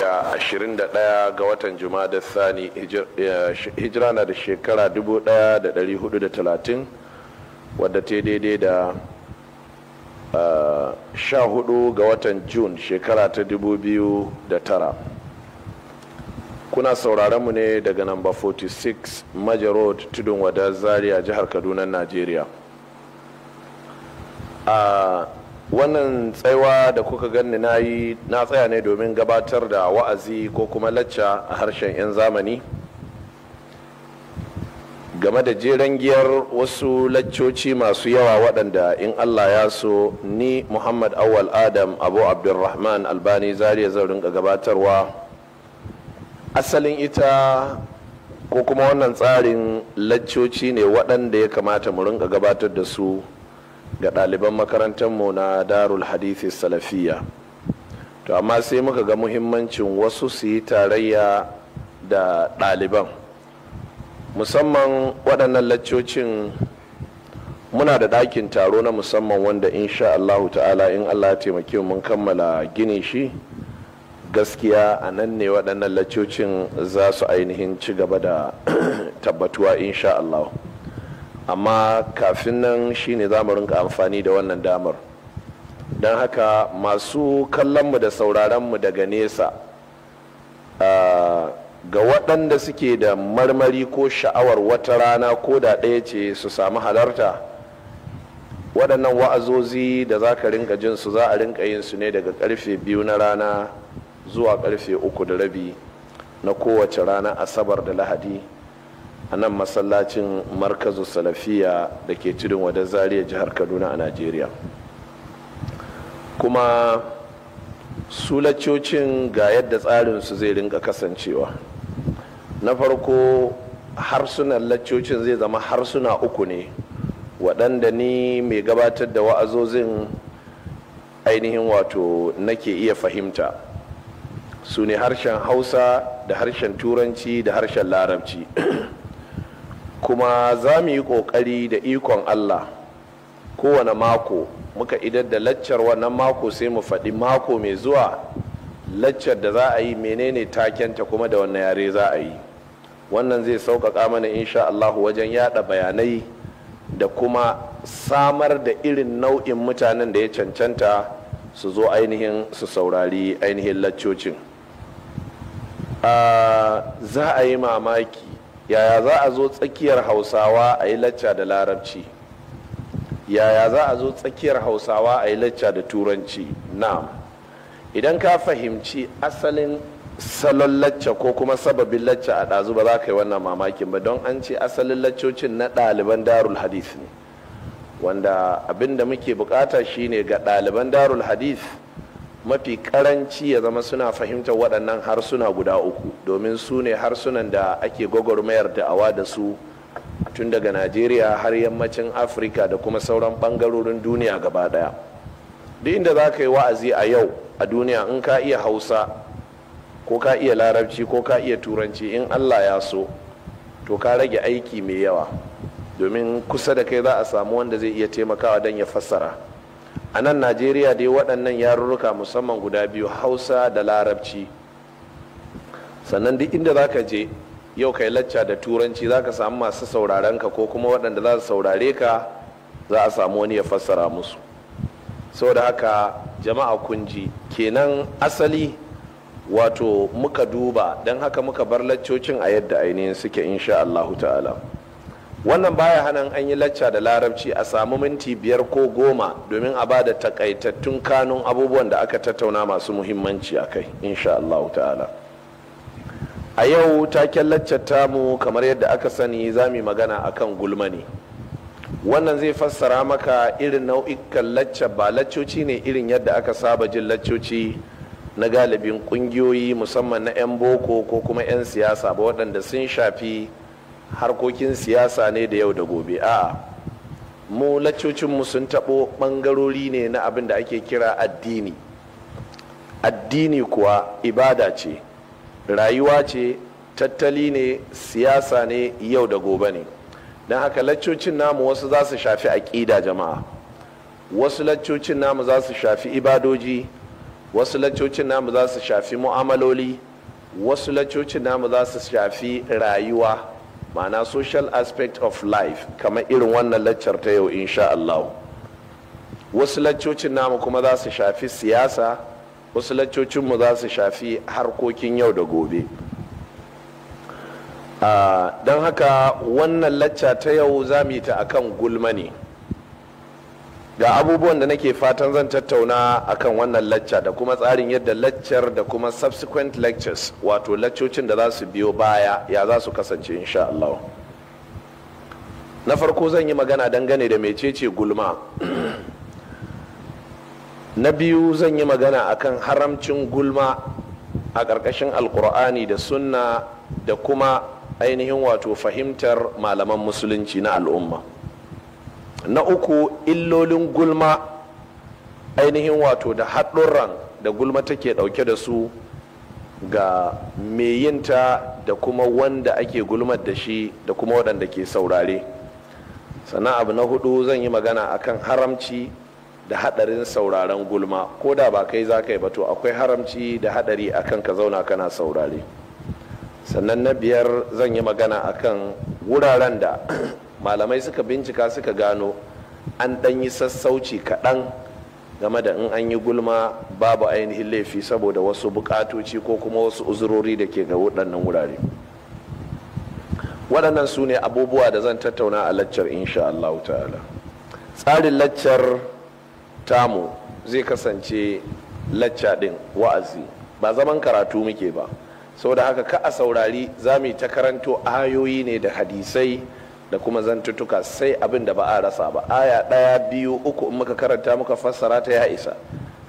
da 21 ga watan da sani hijira na da shekara 1430 wadda ta daidai da 14 ga watan Jun shekara ta 2009 kuna sauraron mu ne daga namba 46 major road tudun wada zaria jihar kaduna nigeria. wannan tsaiwa da kuka ganni na yi na tsaya ne domin gabatar da wa'azi ko kuma lacca a harshen 'yan zamani game da jeren giyar wasu laccoci masu yawa waɗanda in allah ya so ni muhammad awal adam abu abdulrahman albani zariya zaurin rinka gabatarwa asalin ita ko kuma wannan tsarin laccoci ne waɗanda ya kamata mu rinka gabatar da su ga ɗaliban makarantarmu na darul hadithi salafiya to amma sai muka ga muhimmancin wasu su yi tarayya da ɗaliban musamman waɗannan laccocin muna da ɗakin taro na musamman wanda insha Allahu ta'ala in Allah taimake mun kammala gini shi gaskiya a nan ne waɗannan laccocin za su ainihin ci gaba da tabbatuwa insha Allah. amma kafin nan shine za mu rinka amfani da wannan damar don haka masu kallonmu da sauraronmu daga nesa ga waɗanda suke da marmari ko sha'awar wata rana ko da ɗaya ce su samu halarta waɗannan wa'azozi da za ka rinka jin su za a rinka yin su ne daga ƙarfe biyu na rana zuwa ƙarfe uku da rabi na kowace rana asabar da lahadi a nan masallacin markazu salafiya da ke tudun wadda zariya jihar kaduna a najeriya kuma su ga yadda tsarinsu zai rinka kasancewa na farko harsunan laccocin zai zama harsuna uku ne waɗanda ni mai gabatar da wa'azozin ainihin wato nake iya fahimta su ne harshen hausa da harshen turanci da harshen larabci kuma za mu yi ƙoƙari da ikon allah kowane mako muka idar da laccar wannan mako sai mu faɗi mako mai zuwa laccar da za a yi menene takenta kuma da wannan yare za a yi wannan zai sauƙaƙa mana insha Allah wajen yada bayanai da kuma samar da irin nau'in mutanen da ya cancanta su zo ainihin su saurari ainihin laccocin ah, za a yi mamaki yaya za a zo tsakiyar hausawa a yi lacca da larabci yaya za a zo tsakiyar hausawa a yi lacca da turanci na'am idan ka fahimci asalin salon lacca ko kuma sababin lacca a ɗazu ba za ka yi wannan mamakin ba don an ce asalin laccocin na ɗaliban darul hadith ne wanda abin da muke bukata shine ga ɗaliban darul hadith mafi karanci ya zama suna fahimtar waɗannan harsuna guda uku domin su ne harsunan da ake gwagwarmayar da'awa da su tun daga najeriya har yammacin afirka da kuma sauran ɓangarorin duniya gaba ɗaya duk inda za ka yi wa'azi a yau a duniya in ka iya hausa ko ka iya larabci ko ka iya turanci in allah ya so to ka rage aiki mai yawa domin kusa da kai za a samu wanda zai iya taimakawa don ya fassara a nan najeriya dai waɗannan yarurruka musamman guda biyu hausa da larabci sannan duk inda za ka je yau kai lacca da turanci za ka samu masu sauraren ka ko kuma waɗanda za su saurare ka za a samu wani ya fassara musu saboda haka jama'a kunji kenan asali wato muka duba don haka muka bar laccocin a yadda ainihin suke insha Allahu ta'ala. wannan baya hanan an yi lacca da larabci a samu minti biyar ko goma domin a bada takaitattun kanun abubuwan da aka tattauna masu muhimmanci a kai insha Allah ta'ala a yau taken laccar tamu kamar yadda aka sani za mu magana akan gulma ne wannan zai fassara maka irin nau'ikan lacca ba laccoci ne irin yadda aka saba jin laccoci na galibin kungiyoyi musamman na 'yan boko ko kuma 'yan siyasa ba waɗanda sun shafi harkokin siyasa ne da yau da gobe a mu laccocinmu sun taɓo ɓangarori ne na abin da ake kira addini addini kuwa ibada ce rayuwa ce tattali ne siyasa ne yau da gobe ne don haka laccocin namu wasu za su shafi aƙida jama'a wasu laccocin namu za su shafi ibadoji wasu laccocin namu za su shafi mu'amaloli wasu laccocin namu za su shafi rayuwa ma'ana social aspect of life kamar irin wannan laccar ta yau insha Allah wasu laccocin namu kuma za su shafi siyasa wasu laccocinmu za su shafi harkokin yau da gobe ah, don haka wannan lacca ta yau za mu yi ta akan gulma ne ga abubuwan da nake fatan zan tattauna akan wannan lacca da kuma tsarin yadda laccar da kuma subsequent lectures wato laccocin da za su biyo baya ya za su kasance insha Allah na farko zan yi magana dangane da mecece gulma na biyu zan yi magana akan haramcin gulma a ƙarƙashin alkur'ani da sunna da kuma ainihin wato fahimtar malaman musulunci na al'umma na uku illolin gulma ainihin wato da haɗurran da gulma take ɗauke da su ga meyinta da kuma wanda ake gulmar da shi da kuma waɗanda ke saurare sannan abu na hudu zan yi magana akan haramci da haɗarin sauraren gulma ko da ba kai za ka yi ba to akwai haramci da haɗari akan ka zauna kana saurare sannan na biyar zan yi magana akan wuraren da malamai suka bincika suka gano an ɗan yi sassauci kaɗan game da in an yi gulma babu ainihin laifi saboda wasu buƙatoci ko kuma wasu uzurori da ke ga waɗannan wurare waɗannan su ne abubuwa da zan tattauna a laccar insha Allah ta'ala tsarin laccar tamu zai kasance lacca ɗin wa'azi ba zaman karatu muke ba saboda haka ka a saurari za mu yi ta karanto ayoyi ne da hadisai da kuma zantutuka sai abin da ba a rasa ba aya ɗaya biyu uku in muka karanta muka fassara ta ya isa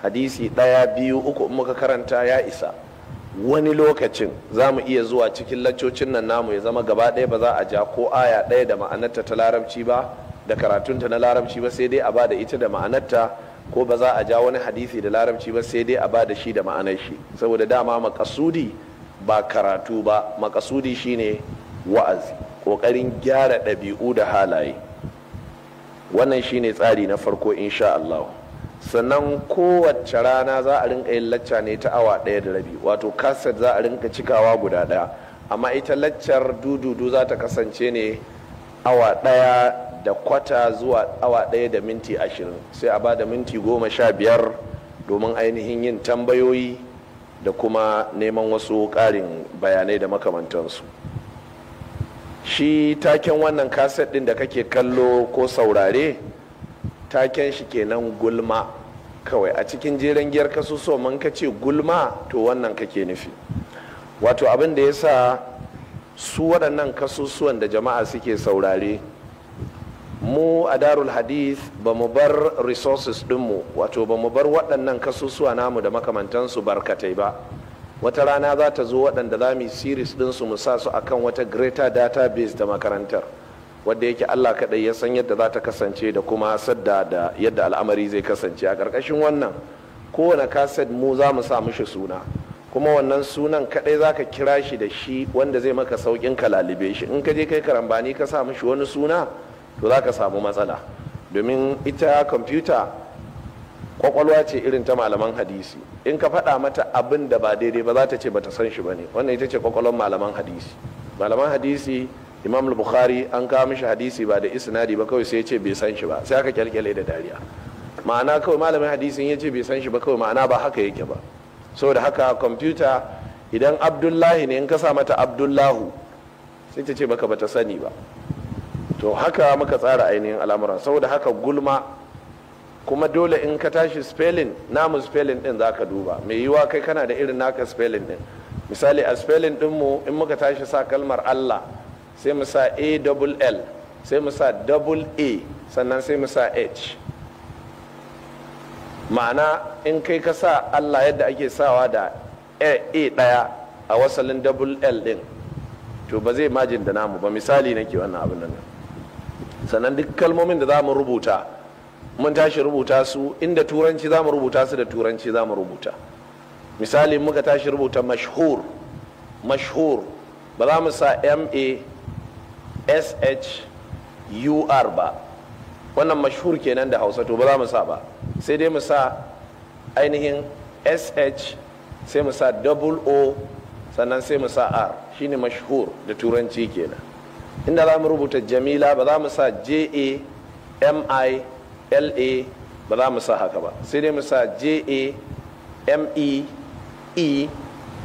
hadisi ɗaya biyu uku in muka karanta ya isa wani lokacin za mu iya zuwa cikin laccocin nan namu ya zama gaba ɗaya ba za a ja ko aya ɗaya da ma'anarta ta larabci ba da karatunta na larabci ba sai dai a ba da ita da ma'anarta ko ba za a ja wani hadisi da larabci ba sai dai a ba da shi da ma'anar shi saboda dama makasudi ba karatu ba makasudi shine wa'azi ƙoƙarin gyara ɗabi'u da halaye wannan shine tsari na farko insha Allah sannan kowace rana za a rinka yin lacca ne ta awa ɗaya da rabi wato kaset za a rinka cikawa guda ɗaya amma ita laccar dududu za ta kasance ne awa ɗaya da kwata zuwa awa ɗaya da minti ashirin sai a ba da minti goma sha biyar domin ainihin yin tambayoyi da kuma neman wasu ƙarin bayanai da makamantansu. shi taken wannan kaset din da kake kallo ko saurare taken shi kenan gulma kawai a cikin jeren giyar so man ka ce gulma to wannan kake nufi wato abin da ya sa su waɗannan kasusuwan da jama'a suke saurare mu a darul hadith ba mu bar resources dinmu wato ba mu bar waɗannan kasusuwa namu da makamantansu barkatai ba wata rana za ta zo waɗanda za mu yi series ɗinsu mu sa su akan wata greater database da makarantar wadda yake Allah kaɗai ya san yadda za ta kasance da kuma sadda da yadda al'amari zai kasance a ƙarƙashin wannan kowane kaset mu za mu sa mishi suna kuma wannan sunan kaɗai za ka kira shi da shi wanda zai maka sauƙin ka lalube shi in ka je kai karambani ka sa mishi wani suna to za ka samu matsala domin ita kwamfuta kwakwalwa ce irin ta malaman hadisi in ka faɗa mata abin da ba daidai ba za ta ce ba ta san shi ba ne wannan ita ce kwakwalwar malaman hadisi malaman hadisi imam bukhari an kawo mishi hadisi ba da isnadi ba kawai sai ya ce bai san shi ba sai aka kyalkyale da dariya ma'ana kawai malamin hadisin ya ce bai san shi ba kawai ma'ana ba haka yake ba saboda haka kwamfuta idan abdullahi ne in ka sa mata abdullahu sai ta ce baka bata sani ba to haka muka tsara ainihin al'amuran saboda haka gulma kuma dole in ka tashi spelling namu spelling din za ka duba mai yiwa kai kana da irin naka spelling din misali a spelling mu in muka tashi sa kalmar allah sai mu sa a double l sai mu sa double a sannan sai mu sa h ma'ana in kai ka sa allah yadda ake sawa da a a daya a wasalin double l din to ba zai majin da namu ba misali nake wannan abin nan sannan duk kalmomin da za mu rubuta mun tashi rubuta su inda turanci za mu rubuta su da turanci za mu rubuta misali muka tashi rubuta mashhur mashhur ba za mu sa ma r ba wannan mashhur kenan da hausa to ba za mu sa ba sai dai mu sa ainihin S-H, sai mu sa double o sannan sai mu sa r shine mashhur da turanci kenan inda za mu rubuta jamila ba za mu sa j a m i la ba za mu sa haka ba sai dai mu sa ja me e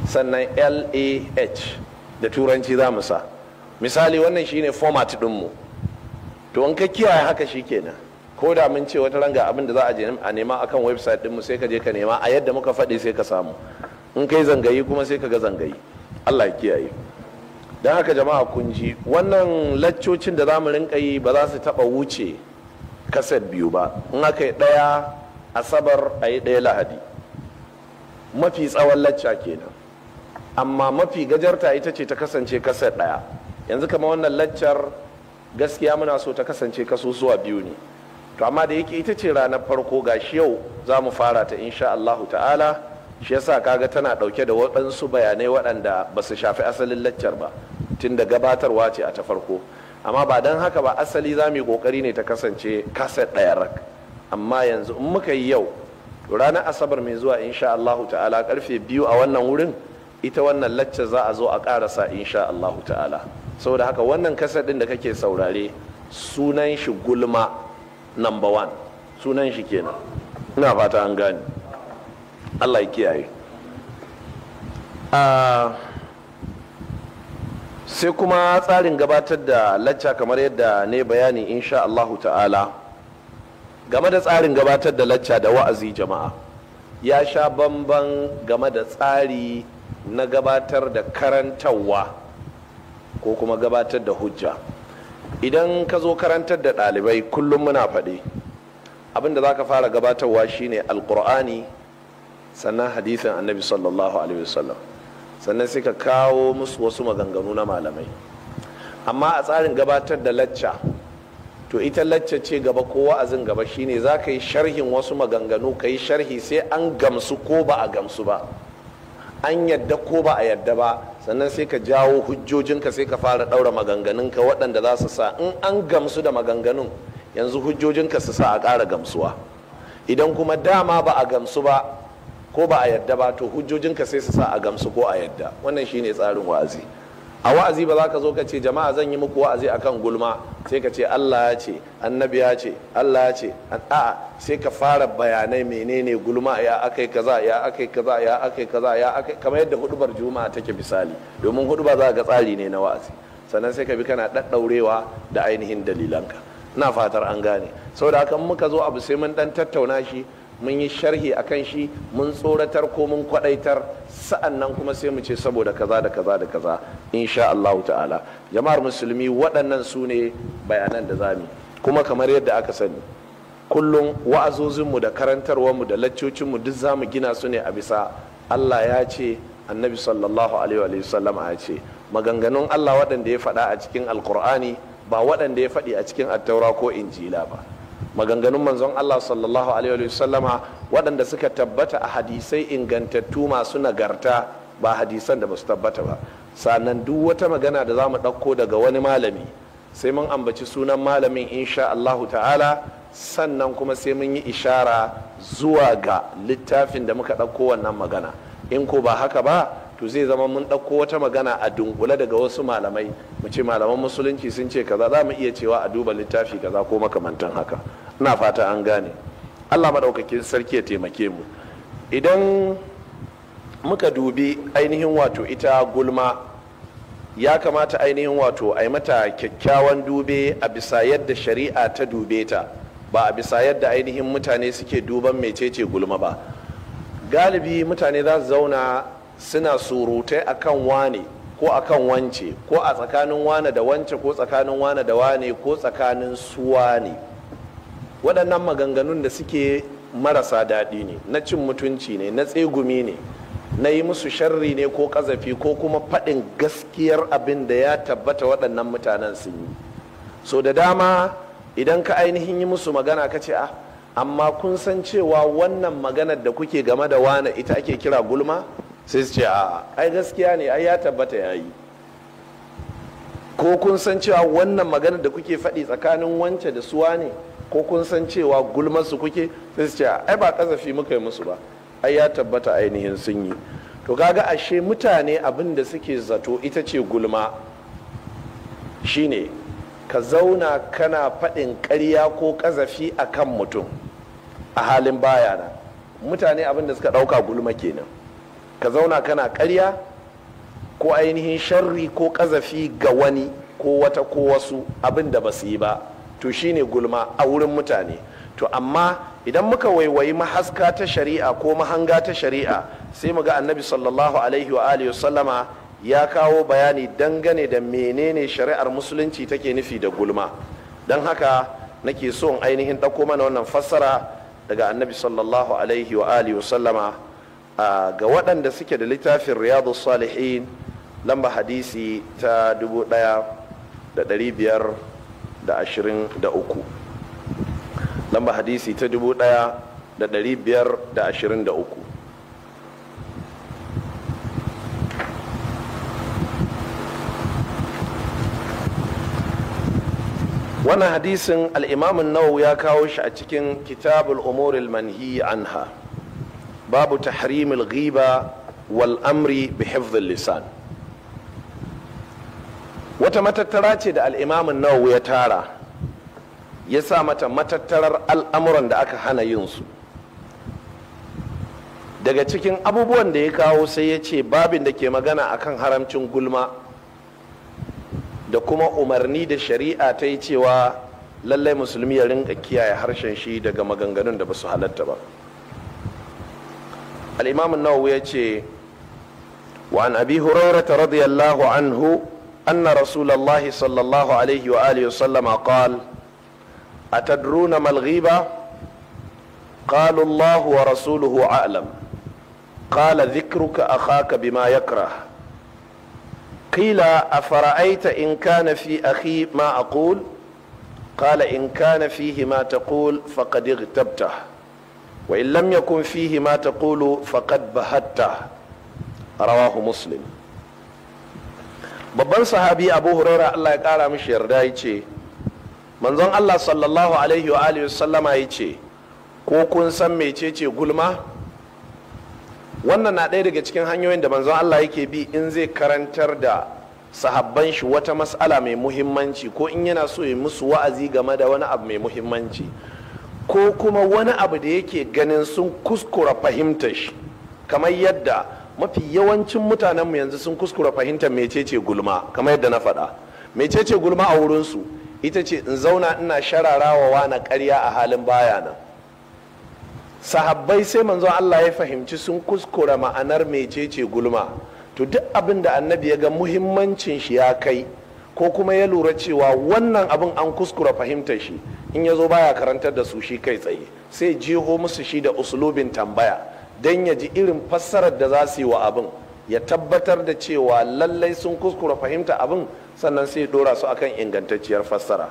sannan lah da turanci za mu sa misali wannan shine format dinmu to in ka kiyaye haka shi shikenan ko da mun ce wata ranga abin da za a je a nema akan website dinmu sai ka je ka nema a yadda muka faɗi sai ka samu in kai zangayi kuma sai ka ga zangayi allah ya kiyaye don haka jama'a kun ji wannan laccocin da za mu rinka yi ba za su taɓa wuce kaset biyu ba in aka yi ɗaya asabar a yi ɗaya lahadi mafi tsawon lacca kenan amma mafi gajarta ita ce ta kasance kaset ɗaya yanzu kama wannan laccar gaskiya muna so ta kasance kasusuwa biyu ne to amma da yake ita ce ranar farko ga shi yau za mu fara ta insha Allahu ta'ala shi yasa kaga tana ɗauke da waɗansu bayanai waɗanda ba su shafi asalin laccar ba tun da gabatarwa ce a ta farko amma ba don haka ba asali za mu yi kokari ne ta kasance kaset ɗaya rak amma yanzu in muka yi yau ranar asabar mai zuwa insha Allahu ta'ala karfe biyu a wannan wurin ita wannan lacca za a zo a karasa insha Allahu ta'ala saboda haka wannan kasa ɗin da kake saurare sunan shi gulma number one sunan shi kenan ina fata an gane Allah ya kiyaye ah, sai kuma tsarin gabatar da lacca kamar yadda ne bayani insha Allahu ta'ala game da tsarin gabatar da lacca da wa'azi jama'a ya sha bamban game da tsari na gabatar da karantarwa ko kuma gabatar da hujja idan ka zo karantar da ɗalibai kullum muna faɗi abinda za ka fara gabatarwa shine alkur'ani sannan hadisin annabi sallallahu alaihi wasallam sannan sai ka kawo musu wasu maganganu na malamai amma a tsarin gabatar da lacca to ita lacca ce gaba ko wa'azin gaba shine za ka yi sharhin wasu maganganu ka yi sharhi sai an gamsu ko ba a gamsu ba an yadda ko ba a yadda ba sannan sai ka jawo hujjojinka sai ka fara ɗaura maganganunka waɗanda za su sa in an gamsu da maganganun yanzu hujjojinka su sa a ƙara gamsuwa idan kuma dama ba a gamsu ba ko ba a yadda ba to hujjojinka sai su sa a gamsu ko a yadda wannan shine tsarin wa'azi a wa'azi ba za ka zo ka ce jama'a zan yi muku wa'azi akan gulma sai ka ce Allah ya ce annabi ya ce Allah ya ce a'a sai ka fara bayanai menene gulma ya akai kaza ya akai kaza ya akai kaza ya akai kamar yadda hudubar juma'a take misali domin huduba za ga tsari ne na wa'azi sannan sai ka bi kana daddaurewa da ainihin dalilanka na fatar an gane saboda haka muka zo abu sai mun dan tattauna shi mun yi sharhi a kan shi mun tsoratar ko mun kwadaitar sa'an nan kuma sai mu ce saboda kaza da kaza da kaza insha Allahu ta'ala jama'ar musulmi waɗannan su ne bayanan da zami kuma kamar yadda aka sani kullum wa'azozinmu da karantarwarmu da laccocinmu duk zamu gina su ne a bisa Allah ya ce annabi sallallahu alaihi wa sallam ya ce maganganun Allah waɗanda ya faɗa a cikin alkur'ani ba waɗanda ya faɗi a cikin attaura ko injila ba maganganun manzon Allah sallallahu alaihi wasallama waɗanda suka tabbata a hadisai ingantattu masu nagarta ba hadisan da ba su tabbata ba sannan duk wata magana da za mu ɗauko daga wani malami sai mun ambaci sunan malamin insha Allahu ta'ala sannan kuma sai mun yi ishara zuwa ga littafin da muka ɗauko wannan magana in ko ba haka ba to zai zama mun ɗauko wata magana a dunkule daga wasu malamai mu ce malaman musulunci sun ce kaza za mu iya cewa a duba littafi kaza ko makamantan haka ina fata an gane allah maɗaukakin sarki ya taimake mu idan muka dubi ainihin wato ita gulma ya kamata ainihin wato a yi mata kyakkyawan dube a bisa yadda shari'a ta dube ta ba a bisa yadda ainihin mutane suke duban mecece gulma ba galibi mutane za su zauna suna surutai a kan wane ko a kan wance ko a tsakanin wane da wance ko tsakanin wane da wane ko tsakanin suwa ne. waɗannan maganganun da suke marasa daɗi ne na cin mutunci ne na tsegumi ne na yi musu sharri ne ko ƙazafi ko kuma faɗin gaskiyar abin da ya tabbata waɗannan mutanen sun yi so da dama idan ka ainihin yi musu magana ka ce ah amma kun san cewa wannan maganar da kuke game da wane ita ake kira gulma sai su ce a ai gaskiya ne ai ya tabbata ya yi ko kun san cewa wannan maganar da kuke faɗi tsakanin wance da suwa ne ko kun san cewa gulmar su kuke sai su ce ai ba kazafi muka yi musu ba ai ya tabbata ainihin sun yi to kaga ashe mutane abin da suke zato ita ce gulma shine ka zauna kana faɗin karya ko ƙazafi a kan mutum a halin bayana mutane abin da suka ɗauka gulma kenan ka zauna kana karya ko ainihin sharri ko kazafi ga wani ko wata ko wasu abin da ba su yi ba to shine gulma a wurin mutane to amma idan muka waiwayi mahaska ta shari'a ko mahanga ta shari'a sai mu ga annabi sallallahu alaihi wa alihi sallama ya kawo bayani dangane da menene shari'ar musulunci take nufi da gulma don haka nake son ainihin ɗauko mana wannan fassara daga annabi sallallahu alaihi wa alihi sallama ga waɗanda suke da littafin riyadu salihin lamba hadisi ta 1523 lamba hadisi ta 1523 wannan hadisin al'imamin nawawi ya kawo shi a cikin kitabul umuril manhi anha babu tahrimil ghiba wal amri bi hifdhil lisan wata matattara ce da al'imamin nawawi ya tara ya sa mata matattarar al'amuran da aka hana yin su daga cikin abubuwan da ya kawo sai ya ce babin da ke magana akan haramcin gulma da kuma umarni da shari'a ta yi cewa lallai musulmi ya rinka kiyaye harshen shi daga maganganun da ba su halatta ba al-imam an ce? yace wa an abi hurairah radiyallahu anhu anna rasulullahi sallallahu alaihi wa alihi wasallama qala atadruna mal ghiba قالوا الله ورسوله أعلم قال ذكرك أخاك بما يكره قيل أفرأيت إن كان في أخي ما أقول قال إن كان فيه ما تقول فقد اغتبته wa in lam yakun fihi ma taqulu faqad bahatta rawahu muslim babban sahabi abu huraira allah ya kara mishi yarda ya ce manzon allah sallallahu alaihi wa alihi sallama ya ce ko kun san mecece gulma wannan na ɗaya daga cikin hanyoyin da manzon allah yake bi in zai karantar da sahabban shi wata mas'ala mai muhimmanci ko in yana so ya musu wa'azi game da wani abu mai muhimmanci ko kuma wani abu da yake ganin sun kuskura fahimtar shi kamar yadda mafi yawancin mutanenmu yanzu sun kuskura fahimtar mecece gulma kamar yadda na faɗa mecece gulma a wurinsu ita ce in zauna ina shararawa na karya a halin baya nan sahabbai sai manzon Allah ya fahimci sun kuskura ma'anar mecece gulma to duk abin da annabi ya ga muhimmancin shi ya kai ko kuma ya lura cewa wannan abin an kuskura fahimtar shi in ya zo baya karantar da su shi kai tsaye sai jiho musu shi da usulubin tambaya don ya ji irin fassarar da za su yi wa abin ya tabbatar da cewa lallai sun kuskura fahimta abin sannan sai dora su akan ingantacciyar fassara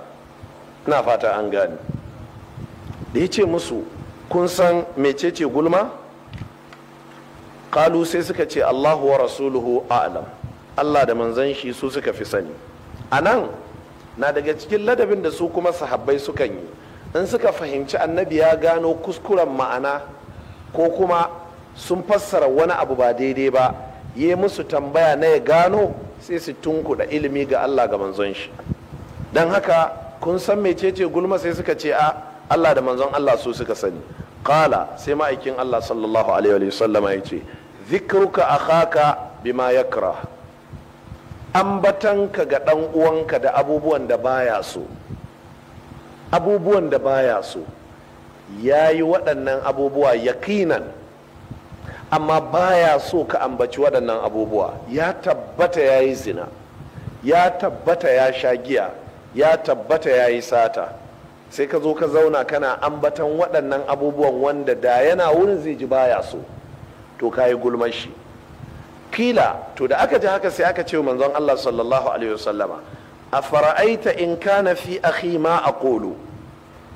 na fata an gane da ya ce musu kun san mecece gulma kalu sai suka ce allahu wa rasuluhu a'lam allah da manzan shi su suka fi sani a nan na daga cikin ladabin da su kuma sahabbai sukan yi in suka fahimci annabi ya gano kuskuren ma'ana ko kuma sun fassara wani abu ba daidai ba ya musu tambaya na ya gano sai su da ilimi ga Allah ga manzon shi don haka kun san mecece gulma sai suka ce a Allah da manzon Allah su suka sani kala sai ma'aikin Allah sallallahu alaihi wa ya ce zikruka akhaka bima yakra ambatanka ga ɗan uwanka da abubuwan da baya so abubuwan da baya so ya yi waɗannan abubuwa yakinan amma baya so ka ambaci waɗannan abubuwa ya tabbata ya yi zina ya tabbata ya sha giya ya tabbata ya yi sata sai ka zo ka zauna kana ambatan waɗannan abubuwan wanda da yana wurin zai ji baya so to ka yi gulmashi shi kila to da aka ji haka sai aka ce manzon Allah sallallahu alaihi wasallama a fara'aita in kana fi akhi ma aqulu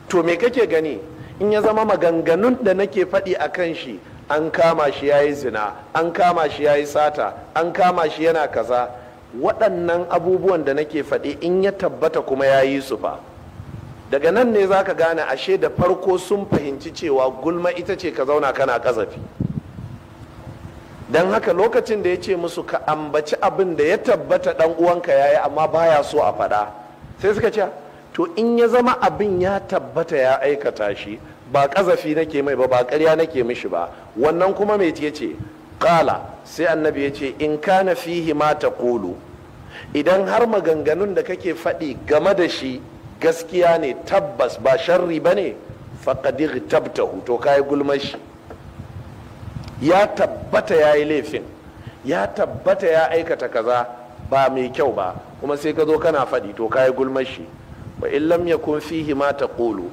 to me kake gani in ya zama maganganun da nake faɗi a kan shi an kama shi ya yi zina an kama shi ya yi sata an kama shi yana kaza waɗannan abubuwan da nake faɗi in ya tabbata kuma ya yi su fa daga nan ne za ka gane ashe da farko sun fahimci cewa gulma ita ce ka zauna kana kazafi don haka lokacin da ya ce musu ka ambaci abin da ya tabbata dan uwanka yayi amma baya so a faɗa sai suka ce to in ya zama abin ya tabbata ya aikata shi ba ƙazafi nake mai ba ba ƙarya nake mishi ba wannan kuma mai ce ce kala sai annabi ya ce in kana fihi ma kolo. idan har maganganun da kake faɗi game da shi gaskiya ne tabbas ba sharri ba ne faqad tabtahu to kayi gulmar shi ya tabbata ya yi laifin ya tabbata ya aikata kaza ba mai kyau ba kuma sai ka zo kana faɗi to ka yi gulmashi shi wa ya kun fihi ma ƙolo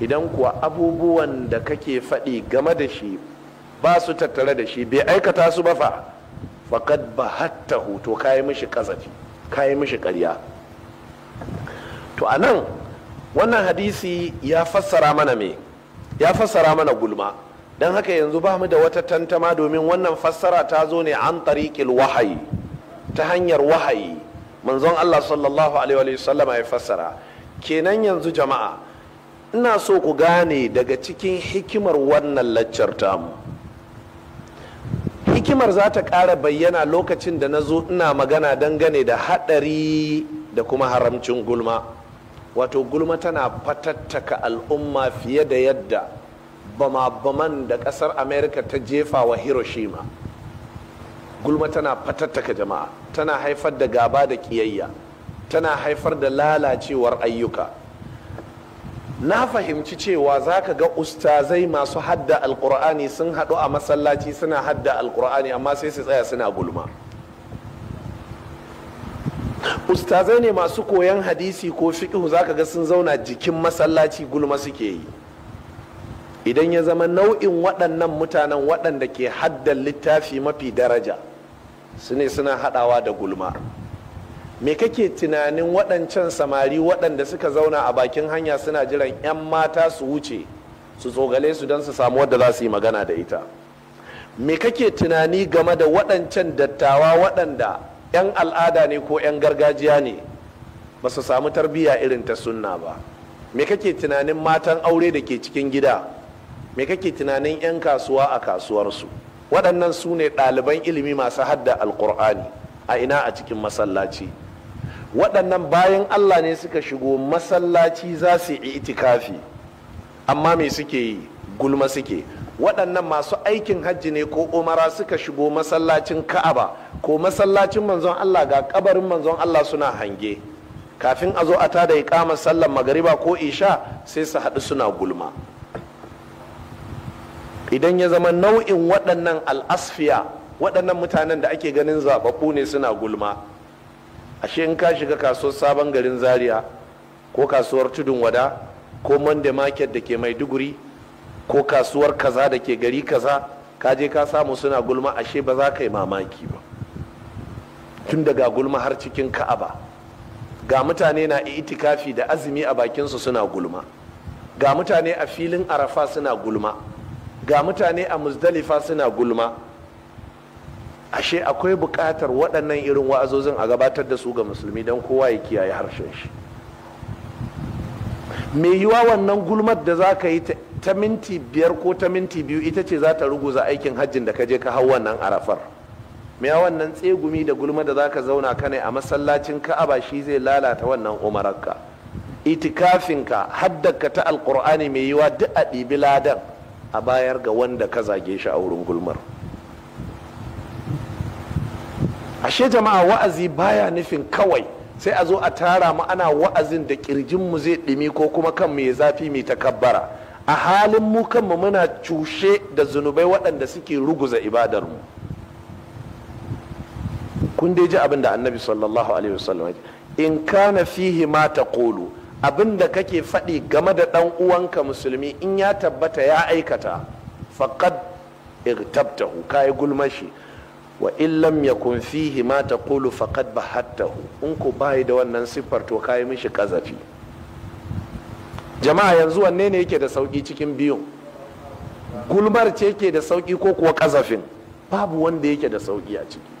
idan kuwa abubuwan da kake faɗi game da shi ba su tattare da shi bai aikata su ba fa ba hatta to ka yi mishi ƙazafi ka yi mishi ƙarya to a nan, wannan hadisi ya fassara mana me ya fassara mana gulma don haka yanzu ba mu da wata tantama domin wannan fassara ta zo ne an tariqil wahayi ta hanyar wahayi manzon Allah sallallahu alaihi wa sallama ya fassara kenan yanzu jama'a ina so ku gane daga cikin hikimar wannan laccar tamu hikimar za ta ƙara bayyana lokacin da na zo ina magana dangane da haɗari da kuma haramcin gulma wato gulma tana fatattaka al'umma fiye da yadda bama-baman da kasar Amerika ta jefa wa hiroshima gulma tana fatattaka jama'a tana haifar da gaba da kiyayya tana haifar da lalacewar ayyuka na fahimci cewa za ka ga ustazai masu hadda alkur'ani sun haɗu a masallaci suna hadda alkur'ani amma sai su tsaya suna gulma ustazai ne masu koyan hadisi ko fiƙihu za ka ga sun zauna jikin masallaci gulma suke yi idan ya zama nau'in waɗannan mutanen waɗanda ke haddan littafi mafi daraja su ne suna haɗawa da gulma me kake tunanin waɗancan samari waɗanda suka zauna a bakin hanya suna jiran 'yan mata su wuce su tsogale su don su samu wadda za su yi magana da ita me kake tunani game da waɗancan dattawa waɗanda 'yan al'ada ne ko 'yan gargajiya ne ba su samu tarbiyya irin ta sunna ba me kake tunanin matan aure da ke cikin gida me kake tunanin 'yan kasuwa a kasuwarsu waɗannan su ne ɗaliban ilimi masu hadda alkur'ani a ina a cikin masallaci waɗannan bayan allah ne suka shigo masallaci za su yi itikafi amma me suke yi gulma suke waɗannan masu aikin hajji ne ko umara suka shigo masallacin ka'aba ko masallacin manzon allah ga kabarin manzon allah suna hange kafin a zo a tada kama sallar magariba ko isha sai su haɗu suna gulma idan ya zama nau'in waɗannan al'asfiya waɗannan mutanen da ake ganin zaɓaɓɓu ne suna gulma ashe in ka shiga kasuwar sabon garin zaria ko kasuwar tudun wada ko monday market da ke maiduguri ko kasuwar kaza da ke gari kaza ka je ka samu suna gulma ashe ba za ka yi mamaki ba tun daga gulma har cikin ka'aba ga mutane na itikafi da azumi a bakinsu suna gulma ga mutane a filin arafa suna gulma ga mutane a muzdalifa suna gulma ashe akwai bukatar waɗannan irin wa'azozin a gabatar da su ga musulmi don kowa ya kiyaye harshen shi mai yiwa wannan gulmar da za ka yi ta minti biyar ko ta minti biyu ita ce za ta ruguza aikin hajjin da ka je ka hau wannan arafar mai wannan tsegumi da gulma da za ka zauna ka ne a masallacin ka'aba shi zai lalata wannan umararka itikafinka haddaka ta alkur'ani mai yiwa duk a ɗibi ladan a bayar ga wanda ka zage shi a wurin gulmar ashe jama'a wa'azi baya nufin kawai sai a zo a tara mu ana wa'azin da mu zai ɗumi ko kuma kan mai zafi mai takabbara a halin mu kanmu muna cushe da zunubai waɗanda suke ruguza ibadarmu kun dai ji abin da annabi sallallahu alaihi wasallam in kana fihi ma taqulu abin da kake faɗi game da ɗan uwanka musulmi in ya tabbata ya aikata faqad irtabtahu yi gulmashi wa in lam yakun fihi ma taqulu faqad bahattahu in ku bai da wannan siffar to yi mishi ƙazafi. jama'a yanzu wanne ne yake da sauƙi cikin biyun gulmar ce ke da sauƙi ko kuwa ƙazafin? babu wanda yake da sauƙi a ciki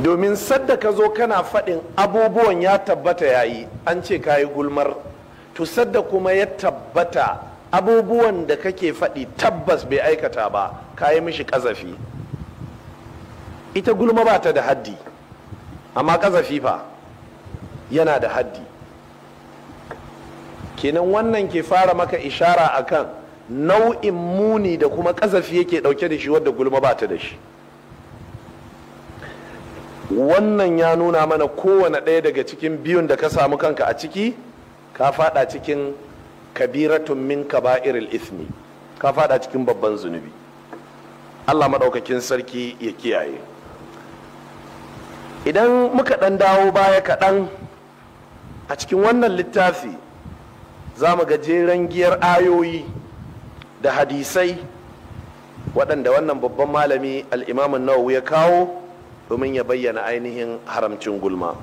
domin sadda ka zo kana faɗin abubuwan ya tabbata ya yi an ce ka yi gulmar to sadda kuma ya tabbata abubuwan da kake faɗi tabbas bai aikata ba ka yi mishi ƙazafi ita gulma ba ta da haddi amma ƙazafi fa yana da haddi kenan wannan ke fara maka ishara akan nau'in muni da kuma ƙazafi yake ɗauke da shi wadda gulma ba ta da shi wannan ya nuna mana kowane ɗaya daga cikin biyun da ka samu kanka a ciki ka fada cikin kabiratun min kaba'iril ismi ka fada cikin babban zunubi allah maɗaukakin sarki ya kiyaye idan muka ɗan dawo baya kaɗan a cikin wannan littafi za mu gajeren giyar ayoyi da hadisai waɗanda wannan babban malami al'imamin nawawi ya kawo domin ya bayyana ainihin haramcin gulma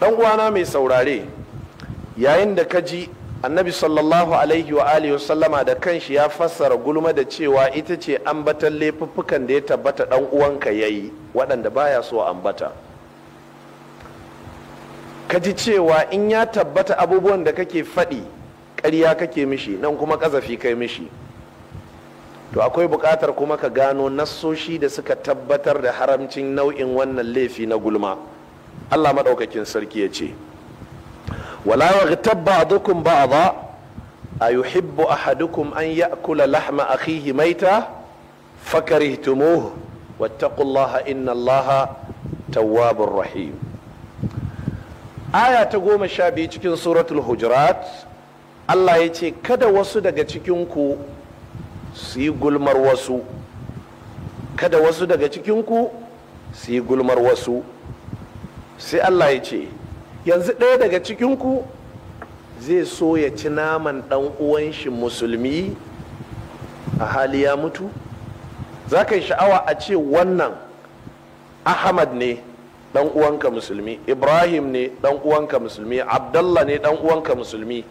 Ɗan uwana mai saurare yayin da ka ji annabi sallallahu alaihi wa alihi sallama da kanshi ya fassara gulma da cewa ita ce ambatan laifuffukan da ya tabbata dan uwanka yayi waɗanda baya so ambata ka ji cewa in ya tabbata abubuwan da kake faɗi ƙarya kake mishi nan kuma ƙazafi kai mishi to akwai buƙatar kuma ka gano nassoshi da suka tabbatar da haramcin nau'in wannan laifi na gulma allah maɗaukakin sarki ya ce wala a yi ba'dha ayuhibbu ahadukum an ya'kula lahma akhihi maita fakarihtumuhu wattakullaha inna allaha tawwabur rahim aya ta goma sha biyu cikin suratul hujurat allah ya ce kada wasu daga cikinku su yi gulmar wasu kada wasu daga cikinku su yi gulmar wasu sai allah ya ce yanzu ɗaya daga cikinku zai so ya ci naman ɗan uwan shi musulmi a hali ya mutu za ka yi sha'awa a ce wannan ahmad ne ɗan uwanka musulmi ibrahim ne ɗan uwanka musulmi abdallah ne ɗan uwanka musulmi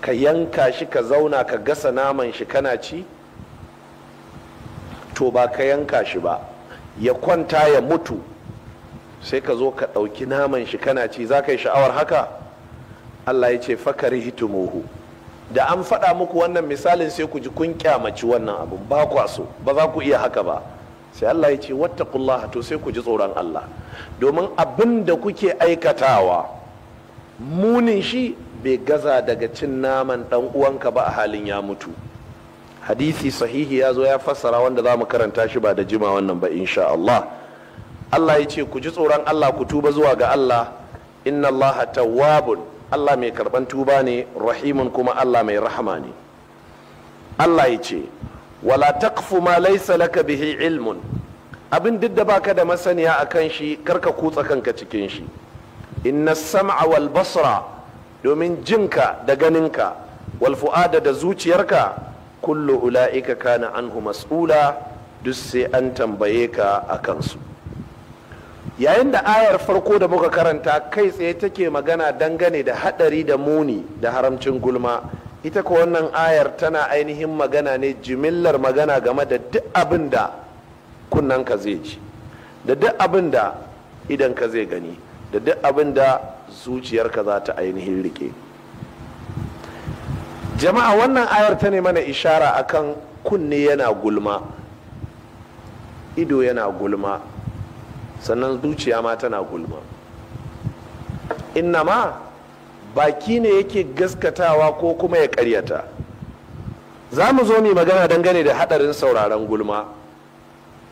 ka yanka shi ka zauna ka gasa naman shi kana ci to ba ka yanka shi ba ya kwanta ya mutu sai ka zo ka ɗauki naman shi kana ci za ka yi sha'awar haka allah ya ce fakari hitumuhu da an faɗa muku wannan misalin sai ku ji kun kyamaci wannan abu. ba kwa so ba za ku iya haka ba sai allah ya ce wattaqullaha to sai ku ji tsoron allah domin abin da kuke aikatawa munin shi bai gaza daga cin naman dan uwanka ba a halin ya mutu hadisi sahihi ya zo ya fassara wanda za mu karanta shi ba da jima wannan ba insha Allah Allah ya ce ku ji tsoron Allah ku tuba zuwa ga Allah inna Allah tawwabun Allah mai karban tuba ne rahimun kuma Allah mai rahama ne Allah ya ce wala taqfu ma laysa laka bihi ilmun abin duk da baka da masaniya akan shi karka kutsa kanka cikin shi inna sam'a wal basra domin jinka da ganinka wal fu'ada da zuciyarka kullu ula'ika kana anhu mas'ula duk sai an tambaye ka a kansu yayin da ayar farko da muka karanta kai tsaye take magana dangane da hadari da muni da haramcin gulma ita ko wannan ayar tana ainihin magana ne jimillar magana game da duk abin da kunnanka zai ji da duk abin da idanka zai gani da duk abin da zuciyarka za ta ainihin rike jama'a wannan ayar ta ne mana ishara akan kunne yana gulma ido yana gulma sannan zuciya ma tana gulma innama baki ne yake gaskatawa ko kuma ya karyata za mu zo mai magana dangane da hadarin sauraron gulma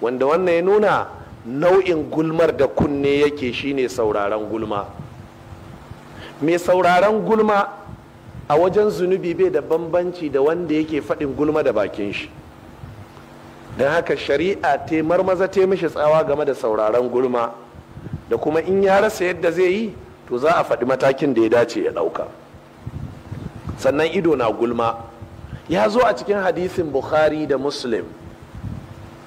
wanda wannan ya nuna nau'in gulmar da kunne yake shine sauraron gulma mai sauraron gulma a wajen zunubi bai da bambanci da wanda yake faɗin gulma da bakin shi don haka shari'a te marmaza te mishi tsawa game da sauraron gulma da kuma in ya rasa yadda zai yi to za a faɗi matakin da ya dace ya ɗauka sannan ido na gulma ya zo a cikin hadisin bukhari da muslim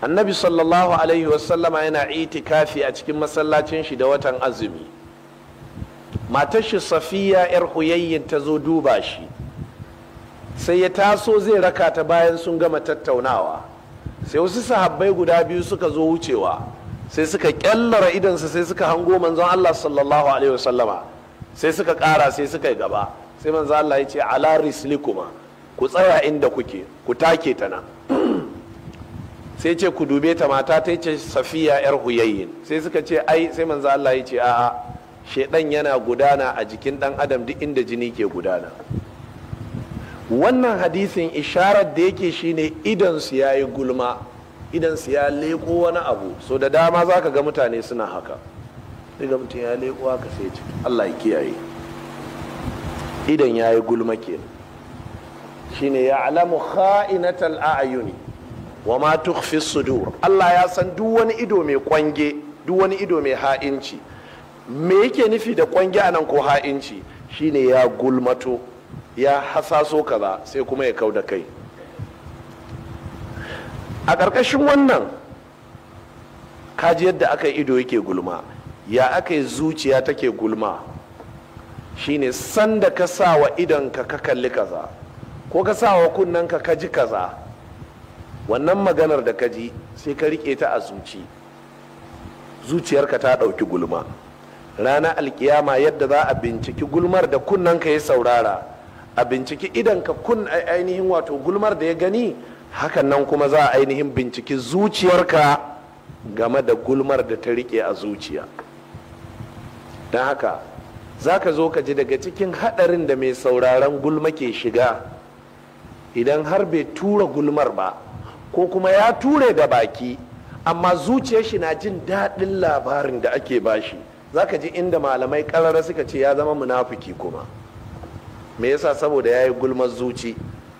annabi sallallahu alaihi wasallama yana itikafi a cikin masallacin shi da watan azumi matar shi safiya yar huyayyin ta zo duba shi sai ya taso zai raka ta bayan sun gama tattaunawa sai wasu sahabbai guda biyu suka zo wucewa sai suka kyallara idansa sai suka hango manzon Allah sallallahu alaihi wasallama sai suka kara sai suka yi gaba sai manzon Allah ya ce ala rislikuma ku tsaya inda kuke ku take ta nan sai ce ku dube ta mata ta ce safiya yar huyayyin sai suka ce ai sai manzon Allah ya ce a'a shaidan yana gudana a jikin dan adam duk inda jini ke gudana wannan hadisin isharar da yake shine idan su yayi gulma idan su ya leko wani abu so da dama za ka ga mutane suna haka daga mutum ya leko haka sai ciki Allah ya kiyaye idan yayi gulma kenan shine ya alamu kha'inatal a'yuni wa ma tukhfi sudur Allah ya san duk wani ido mai kwange duk wani ido mai ha'inci me yake nufi da kwangi nan ko ha'inci shine ya gulmato ya hasaso kaza sai kuma ya kau da kai a ƙarƙashin wannan kaji yadda aka yi ido yake gulma ya aka yi zuciya take gulma shine sanda ka sa wa idonka ka kalli kaza ko ka sa wa kunnanka ka ji kaza wannan maganar da ka ji sai ka rike ta a zuci zuciyarka ta ɗauki gulma ranar alkiyama yadda za a binciki gulmar da kunnan ka ya saurara a binciki ka kun ainihin wato gulmar da ya gani hakan nan kuma za a ainihin binciki zuciyarka game da gulmar da ta rike a zuciya don haka za ka zo ka ji daga cikin haɗarin da mai sauraron gulma ke shiga idan har bai tura gulmar ba ko kuma ya ture da baki amma zuciyar shi na jin daɗin labarin da ake bashi Za ka ji inda malamai karara suka ce ya zama munafuki kuma me yasa saboda ya yi gulmar zuci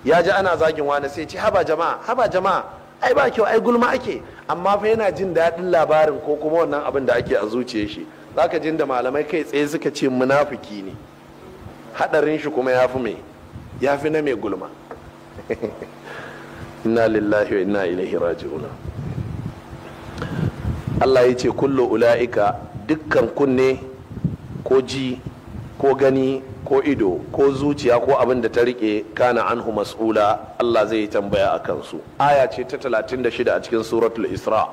ya ji ana zagin wani sai ce haba jama'a haba jama'a ai ba kyau ai gulma ake amma fa yana jin daɗin labarin ko kuma wannan abin da ake a zuciyar shi Za ka jin da malamai kai tsaye suka ce munafiki ne hadarin shi kuma ya fi mai ya fi na mai gulma inna lillahi wa inna ilaihi raji'un Allah ya ce kullu ula'ika dukkan kunne ko ji ko gani ko ido ko zuciya ko abin da ta rike kana anhu mas'ula Allah zai tambaya a kansu aya ce ta 36 a cikin suratul isra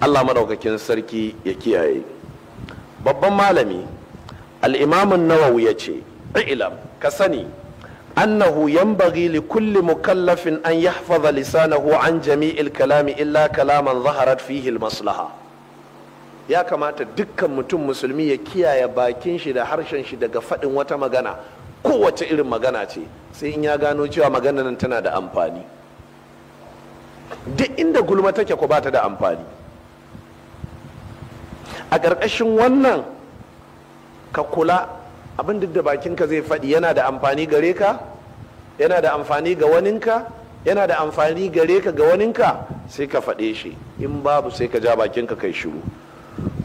Allah madaukakin sarki ya kiyaye babban malami al-imamun nawawi ya ce ilam ka sani annahu yanbaghi li kulli mukallafin an yahfaza lisanahu an jami'il kalami illa kalaman zaharat fihi al-maslaha ya kamata dukkan mutum musulmi ya kiyaye bakin shi da harshen shi daga faɗin wata magana kowace irin magana ce sai in ya gano cewa maganar nan tana da amfani duk inda gulma take ko bata da amfani a ƙarƙashin wannan ka kula abin duk da bakinka zai faɗi yana da amfani gare ka yana da amfani ga waninka yana da amfani gare ka ga waninka sai ka faɗe shi in babu sai ka ja bakinka kai shiru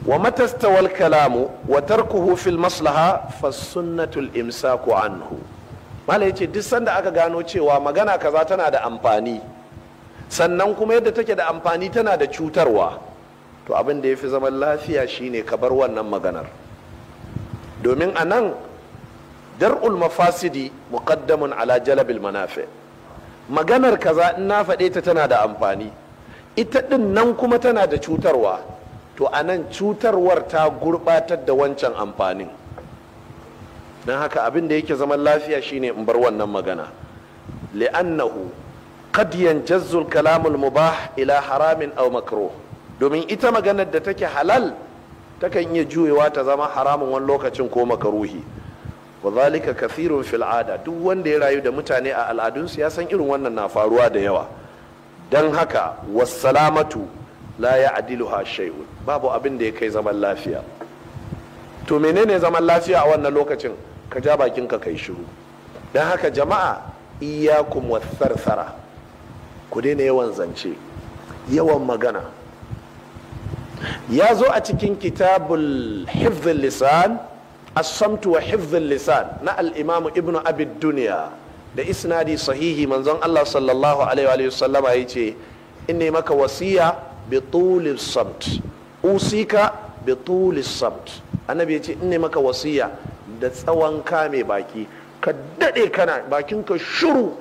wa matastawal kalamu wa tarkuhu fil maslaha fa sunnatul imsaku anhu malai ce duk sanda aka gano cewa magana kaza tana da amfani sannan kuma yadda take da amfani tana da cutarwa to abin da ya fi zaman lafiya shine ka bar wannan maganar domin a nan dar'ul mafasidi muqaddamun ala jalabil manafi maganar kaza in na faɗe ta tana da amfani ita ɗin nan kuma tana da cutarwa to a nan cutarwar ta gurɓatar da wancan amfanin don haka abin da yake zaman lafiya shine in bar wannan magana li'annahu qad yanjazzu kalamul mubah ila haramin aw makruh domin ita maganar da take halal takan iya juyewa ta zama haramun wani lokacin ko makaruhi wa zalika kathirun fil duk wanda ya rayu da mutane a al'adunsu ya san irin wannan na faruwa da yawa don haka wassalamatu la ya adiluha shay'un babu abin da ya kai zaman lafiya to menene zaman lafiya a wannan lokacin ka ja bakin ka kai shiru don haka jama'a iyakum wasarsara ku daina yawan zance yawan magana ya zo a cikin kitabul hifzin lisan as-samtu hifzin lisan na al-imamu ibnu abid duniya da isnadi sahihi manzon Allah sallallahu alaihi wa sallama ya ce in ne maka wasiya bi samt usika bi samt annabi ya ce in ne maka wasiya da tsawon kame baki ka daɗe kana bakinka shuru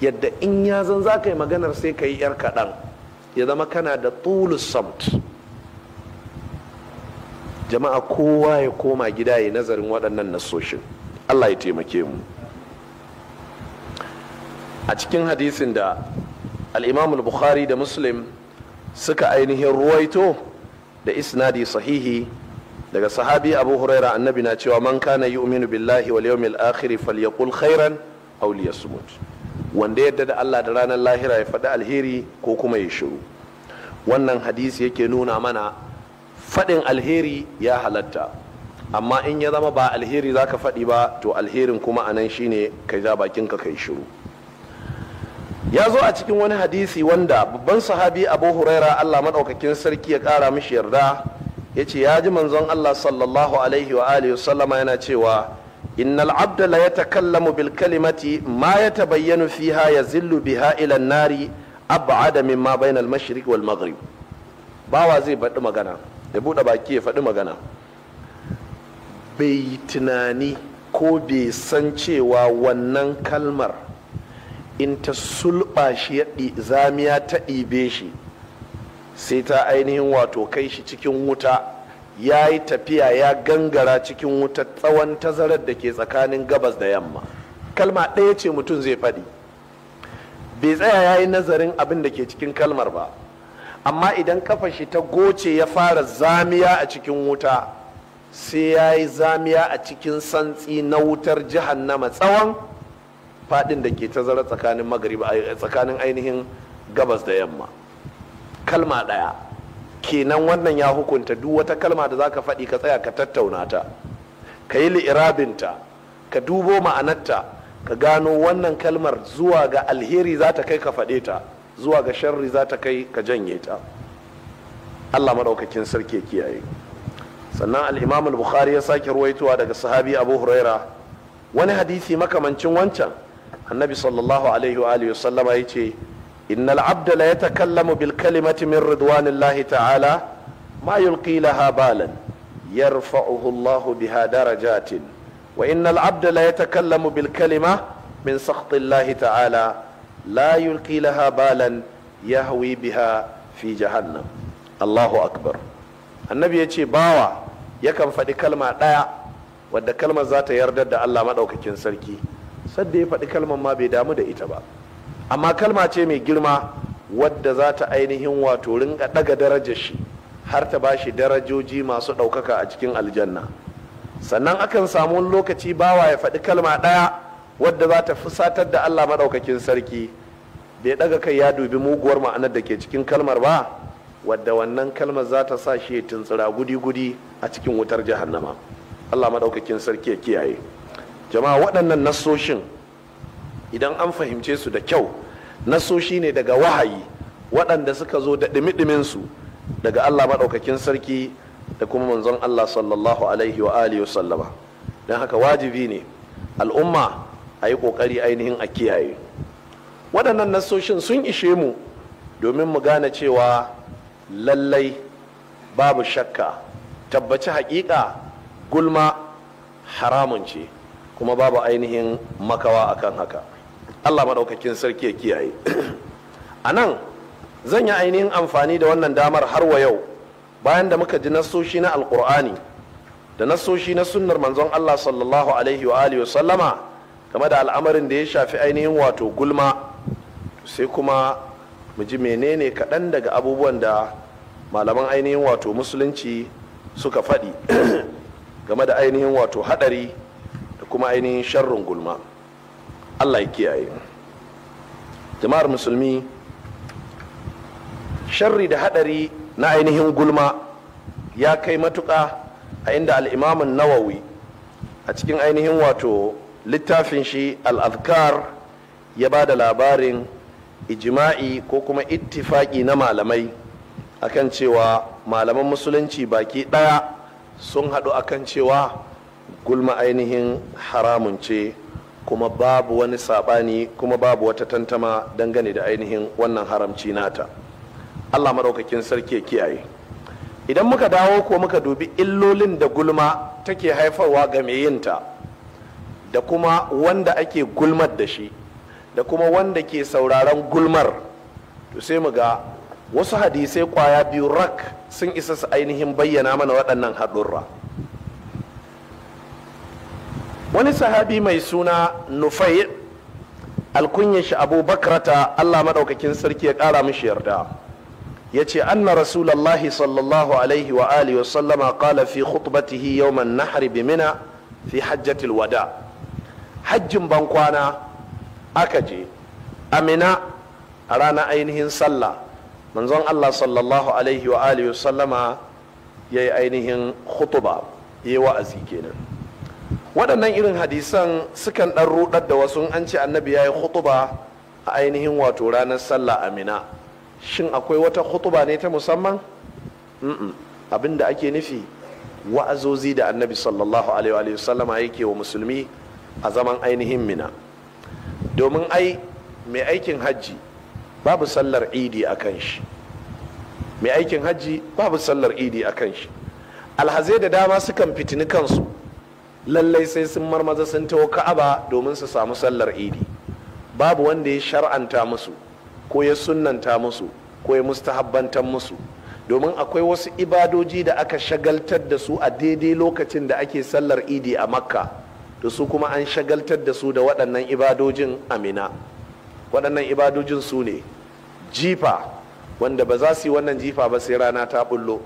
yadda in ya zan za ka maganar sai ka yi yar kaɗan ya zama kana da tulus samt jama'a kowa ya koma gida ya nazarin waɗannan nasoshin allah ya taimake mu a cikin hadisin da al'imam bukhari da muslim suka ainihin ruwaito da isnadi sahihi daga sahabi abu huraira annabi na cewa man kana yu'minu billahi wal yawmil akhir falyaqul khairan aw liyasmut wanda yadda da Allah da ranar lahira ya faɗi alheri ko kuma ya shiru wannan hadisi yake nuna mana faɗin alheri ya halatta amma in ya zama ba alheri zaka faɗi ba to alherin kuma anan shine kai ja bakinka kai shiru ya zo a cikin wani hadisi wanda babban sahabi abu huraira allah maɗaukakin sarki ya ƙara mishi yarda ya ce ya ji manzon allah sallallahu alaihi wa alihi sallama yana cewa innal abda la yatakallamu bil kalimati ma yatabayyanu fiha yazillu biha ilan nari ab'ada mimma bayna al mashriq wal maghrib bawa zai faɗi magana ya buɗe baki ya faɗi magana bai tunani ko bai san cewa wannan kalmar in ta sulɓa shi ya zamiya ta ɗibe shi sai ta ainihin wato kai shi cikin wuta ya yi tafiya ya gangara cikin wuta tsawon tazarar da ke tsakanin gabas da yamma kalma ɗaya ce mutum zai faɗi bai tsaya ya yi nazarin abin da ke cikin kalmar ba amma idan kafa shi ta goce ya fara zamiya a cikin wuta sai ya yi zamiya a cikin santsi na wutar na tsawon fadin da ke tazara tsakanin magariba tsakanin ainihin gabas da yamma kalma ɗaya kenan wannan ya hukunta duk wata kalma da za ka faɗi ka tsaya ka tattauna ta ka yi li'irabinta ka dubo ma'anarta ka gano wannan kalmar zuwa ga alheri za ta kai ka faɗe ta zuwa ga sharri za ta kai ka janye ta allah maɗaukakin sarki kiyaye sannan al'imamul bukhari ya sake ruwaitowa daga sahabi abu huraira wani hadisi makamancin wancan annabi sallallahu alaihi wa alihi wasallama yace innal abda la yatakallamu bil kalimati min ridwanillahi ta'ala ma yulqi laha balan yarfa'uhu Allahu biha darajatin wa innal abda la yatakallamu bil kalima min sakhtillahi ta'ala la yulqi laha balan yahwi biha fi jahannam Allahu akbar annabi yace bawa yakan faɗi kalma ɗaya wadda kalmar za ta yarda da Allah maɗaukakin sarki da ya faɗi kalmar ma bai damu da ita ba amma kalma ce mai girma wadda za ta ainihin wato rinka ɗaga darajar shi har ta ba shi darajoji masu ɗaukaka a cikin aljanna sannan akan samu lokaci bawa ya faɗi kalma ɗaya wadda za ta fusatar da allah maɗaukakin sarki bai ɗaga kai ya dubi muguwar ma'anar da ke cikin kalmar ba wadda wannan kalmar za ta sa shi ya tuntsira gudi-gudi a cikin wutar jahannama allah maɗaukakin sarki ya kiyaye jama'a waɗannan nasoshin idan an fahimce su da kyau nasoshi ne daga wahayi waɗanda suka zo da ɗimi su daga allah maɗaukakin sarki da kuma manzon allah sallallahu alaihi wa alihi sallama don haka wajibi ne al'umma a yi ƙoƙari ainihin a kiyaye waɗannan nassoshin sun ishe mu domin mu gane cewa lallai babu shakka tabbaci haƙiƙa gulma haramun ce kuma babu ainihin makawa akan haka allah maɗaukakin sarki ya kiyaye a nan zan yi ainihin amfani da wannan damar har wa yau bayan da muka ji nasoshi na alkur'ani da nasoshi na sunnar manzon allah sallallahu alaihi wa sallama game da al'amarin da ya shafi ainihin wato gulma sai kuma mu ji menene kaɗan daga abubuwan da malaman ainihin wato musulunci suka faɗi game da ainihin wato haɗari kuma ainihin sharrin gulma allah ya kiyaye jama'ar musulmi sharri da hadari na ainihin gulma ya kai matuka a inda al'imamin nawawi a cikin ainihin wato littafin shi al'adkar ya ba da labarin ijima'i ko kuma ittifaki na malamai akan cewa malaman musulunci baki ɗaya sun haɗu akan cewa gulma ainihin haramun ce kuma babu wani saɓani kuma babu wata tantama dangane da ainihin wannan haramci nata allah maɗaukakin sarki ya kiyaye idan muka dawo ko muka dubi illolin da gulma take haifarwa ga mai yinta da kuma wanda ake gulmar da shi da kuma wanda ke sauraron gulmar to sai mu ga wasu hadisai kwaya biyu rak sun isa su ainihin bayyana mana waɗannan haɗurra wani sahabi mai suna nufai alkunyar shi abubakrata allah maɗaukakin sarki ya ƙara mishi yarda ya ce anna rasulallahi sallallahu alaihi wa alihi wasallama qala fi khutbatihi yawman nahri bi mina fi hajjatil wada hajjin bankwana aka je amina a ranar ainihin sallah manzon allah sallallahu alaihi wa alihi wasallama ya yi ainihin khutuba ya yi wa'azi kenan waɗannan irin hadisan sukan ɗan ruɗar da wasu an ce annabi ya yi hutuba a ainihin wato ranar sallah amina shin akwai wata hutuba ne ta musamman abin da ake nufi wa'azozi da annabi sallallahu alaihi wasallama yake wa musulmi a zaman ainihin mina domin ai mai aikin hajji babu sallar idi a kan shi mai aikin hajji babu sallar idi a kan shi alhazai da dama sukan fitini kansu lallai sai sun marmaza sun taho ka'aba domin su samu sallar idi babu wanda ya shar'anta musu ko ya sunnanta musu ko ya mustahabbantan musu domin akwai wasu ibadoji da aka shagaltar da su a daidai lokacin da ake sallar idi a makka da su kuma an shagaltar da su da waɗannan ibadojin amina waɗannan ibadojin su ne jifa wanda ba za su yi wannan jifa ba sai rana ta bullo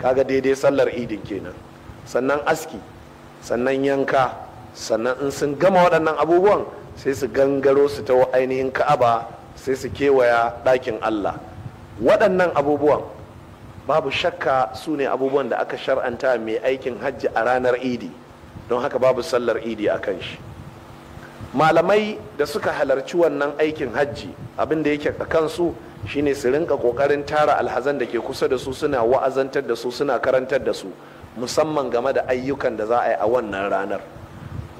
kaga daidai sallar idin kenan sannan aski sannan yanka sannan in sun gama waɗannan abubuwan sai su gangaro su ta ainihin ka'aba sai su kewaya ɗakin allah waɗannan abubuwan babu shakka su ne abubuwan da aka shar'anta mai aikin hajji a ranar idi don haka babu sallar idi a kan shi malamai da suka halarci wannan aikin hajji abin da yake a kansu shine su rinka kokarin tara alhazan da ke kusa da su suna wa'azantar da su suna karantar da su musamman game da ayyukan da za a yi a wannan ranar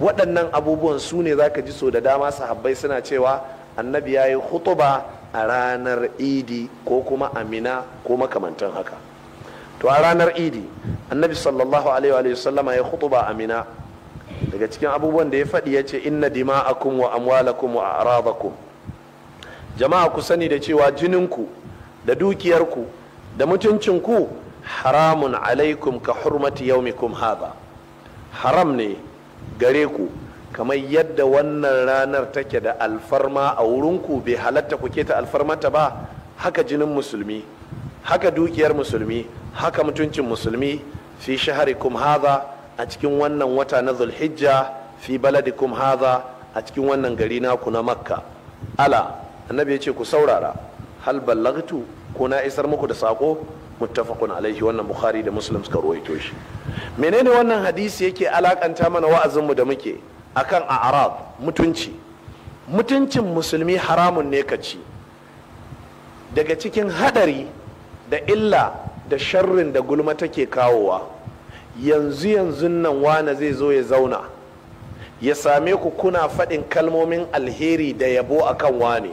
waɗannan abubuwan su ne za ka ji so da dama sahabbai suna cewa annabi ya yi hutuba a ranar idi ko kuma amina ko makamantan haka to a ranar idi annabi sallallahu alaihi wa sallama ya hutuba amina daga cikin abubuwan da ya faɗi ya ce inna dima'akum wa amwalakum wa aradakum jama'a ku sani da cewa jininku da dukiyarku da mutuncinku haramun alaikum ka hurmati yaumikum haza haram ne gare ku kamar yadda wannan ranar take da alfarma a wurinku bai halatta ku keta alfarmata ba haka jinin musulmi haka dukiyar musulmi haka mutuncin musulmi fi shaharikum haza a cikin wannan wata na zulhijja fi baladi baladikum haza a cikin wannan gari naku na makka ala annabi ya ce ku saurara hal ballagtu ko na isar muku da sako muttafaqun alaihi wannan bukhari da muslim suka ruwaito shi menene wannan hadisi yake alakanta mana wa'azinmu da muke akan a'rab mutunci mutuncin musulmi haramun ne ka ci daga cikin hadari da illa da sharrin da gulma take kawowa yanzu yanzu nan wane zai zo ya zauna ya same ku kuna faɗin kalmomin alheri da yabo akan wane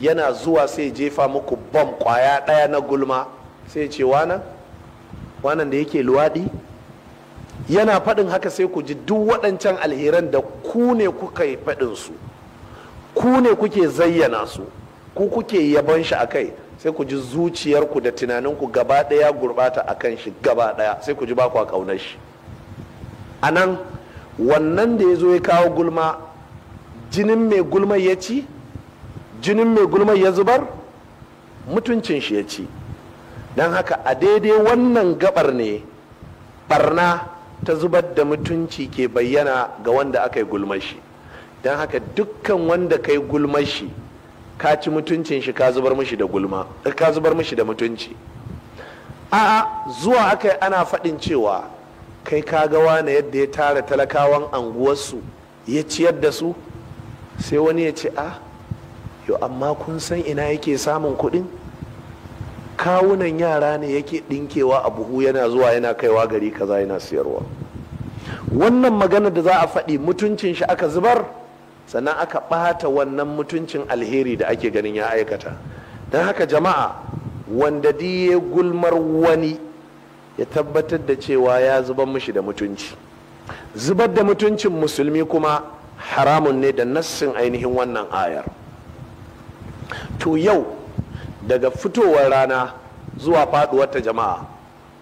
yana zuwa sai jefa muku bam kwaya ɗaya na gulma sai ce wana wanan da yake luwaɗi yana faɗin haka sai ku ji duk waɗancan alheran da ku ne kuka yi faɗin su ku ne kuke zayyana su ku kuke yabon shi a kai sai ku ji zuciyarku da tunaninku gaba ɗaya gurɓata a kan shi gaba ɗaya sai ku ji ba ku a ƙaunar shi a nan wannan da ya zo ya kawo gulma jinin mai gulma ya ci jinin mai gulma ya zubar mutuncin shi ya ci don haka a daidai wannan gabar ne barna ta zubar da mutunci ke bayyana ga wanda aka yi gulmashi don haka dukkan wanda ka yi gulmashi ka ci mutuncin shi ka zubar mishi da gulma eh, ka da mutunci a zuwa aka yi ana faɗin cewa kai ka ga wane yadda ya tara talakawan anguwarsu ya ciyar da su sai wani ya ce a ah, yau amma kun san ina yake samun kuɗin kawunan yara ne yake ɗinkewa a buhu yana zuwa yana kaiwa gari kaza yana siyarwa wannan magana da za a faɗi mutuncin shi aka zubar sannan aka ɓata wannan mutuncin alheri da ake ganin ya aikata don haka jama'a wanda diye gulmar wani ya tabbatar da cewa ya zubar mishi da mutunci zubar da mutuncin musulmi kuma haramun ne da nassin ainihin wannan ayar to yau daga fitowar rana zuwa faduwar ta jama'a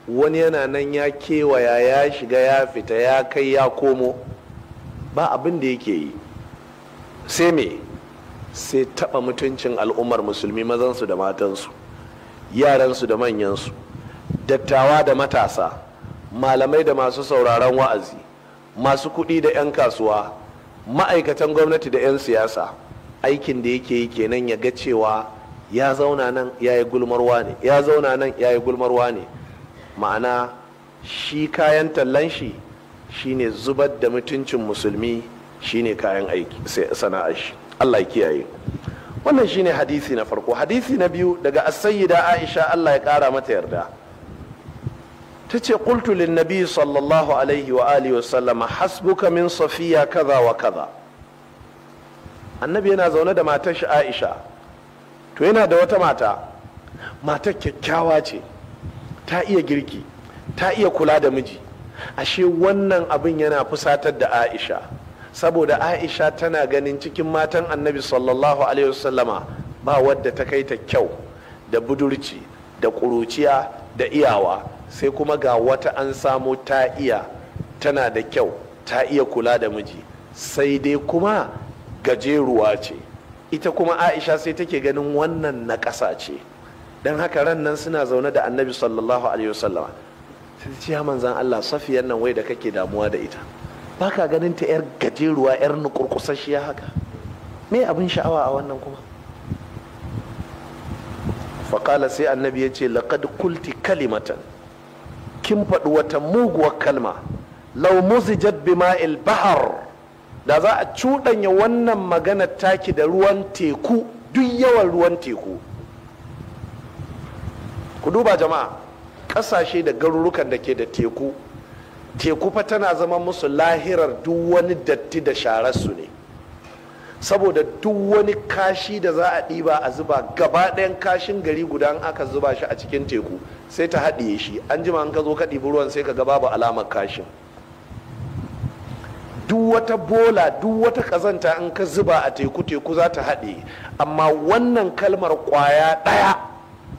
wani yana nan ya kewaya ya shiga ya fita ya kai ya komo ba abin da yake yi sai me sai taba mutuncin al'ummar musulmi mazansu da matansu yaransu da manyansu dattawa da matasa malamai da masu sauraron wa'azi masu kuɗi da 'yan kasuwa ma'aikatan gwamnati da 'yan siyasa aikin da yake yi kenan ya ga cewa ya zauna nan ya yi gulmarwa ne ya zauna nan ya yi gulmarwa ne ma'ana shi kayan tallan shi shine zubar da mutuncin musulmi shine kayan aiki sana'ar shi allah ya kiyaye wannan shine hadisi na farko hadisi na biyu daga as-sayyida aisha allah ya kara mata yarda ta ce qultu lin nabi sallallahu alaihi wa alihi wa sallama hasbuka min safiya kaza wa kaza annabi yana zaune da matar shi aisha to yana da wata mata mata kyakkyawa ce ta iya girki ta iya kula da miji ashe wannan abin yana fusatar da aisha saboda aisha tana ganin cikin matan annabi sallallahu alaihi wasallama ba wadda ta kai ta kyau da budurci da ƙuruciya da iyawa sai kuma ga wata an samu ta iya tana da kyau ta iya kula da miji sai dai kuma gajeruwa ce ita kuma aisha sai take ganin wannan na ƙasa ce don haka ran nan suna zaune da annabi sallallahu alaihi wasallama sai ce ya manzan allah safiyar nan wai da kake damuwa da ita baka ganin ta yar gajeruwa yar nukurkusasshiya haka me abin sha'awa a wannan kuma faƙala sai annabi ya ce laƙad kulti kalimatan kin faɗi wata muguwar kalma lau muzijat bima'il bahar da za a cuɗanya wannan magana taki da ruwan teku duk yawan ruwan teku ku duba jama'a ƙasashe da garurukan da ke da teku teku fa tana zama musu lahirar duk wani datti da shararsu ne saboda duk wani kashi da za a ɗiba a zuba gaba ɗayan kashin gari guda an aka zuba shi a cikin teku sai ta haɗiye shi an jima an ka zo ka ɗibi ruwan sai ka ga babu alamar kashin duk wata bola duk wata kazanta in ka zuba a teku teku za ta haɗe amma wannan kalmar ƙwaya ɗaya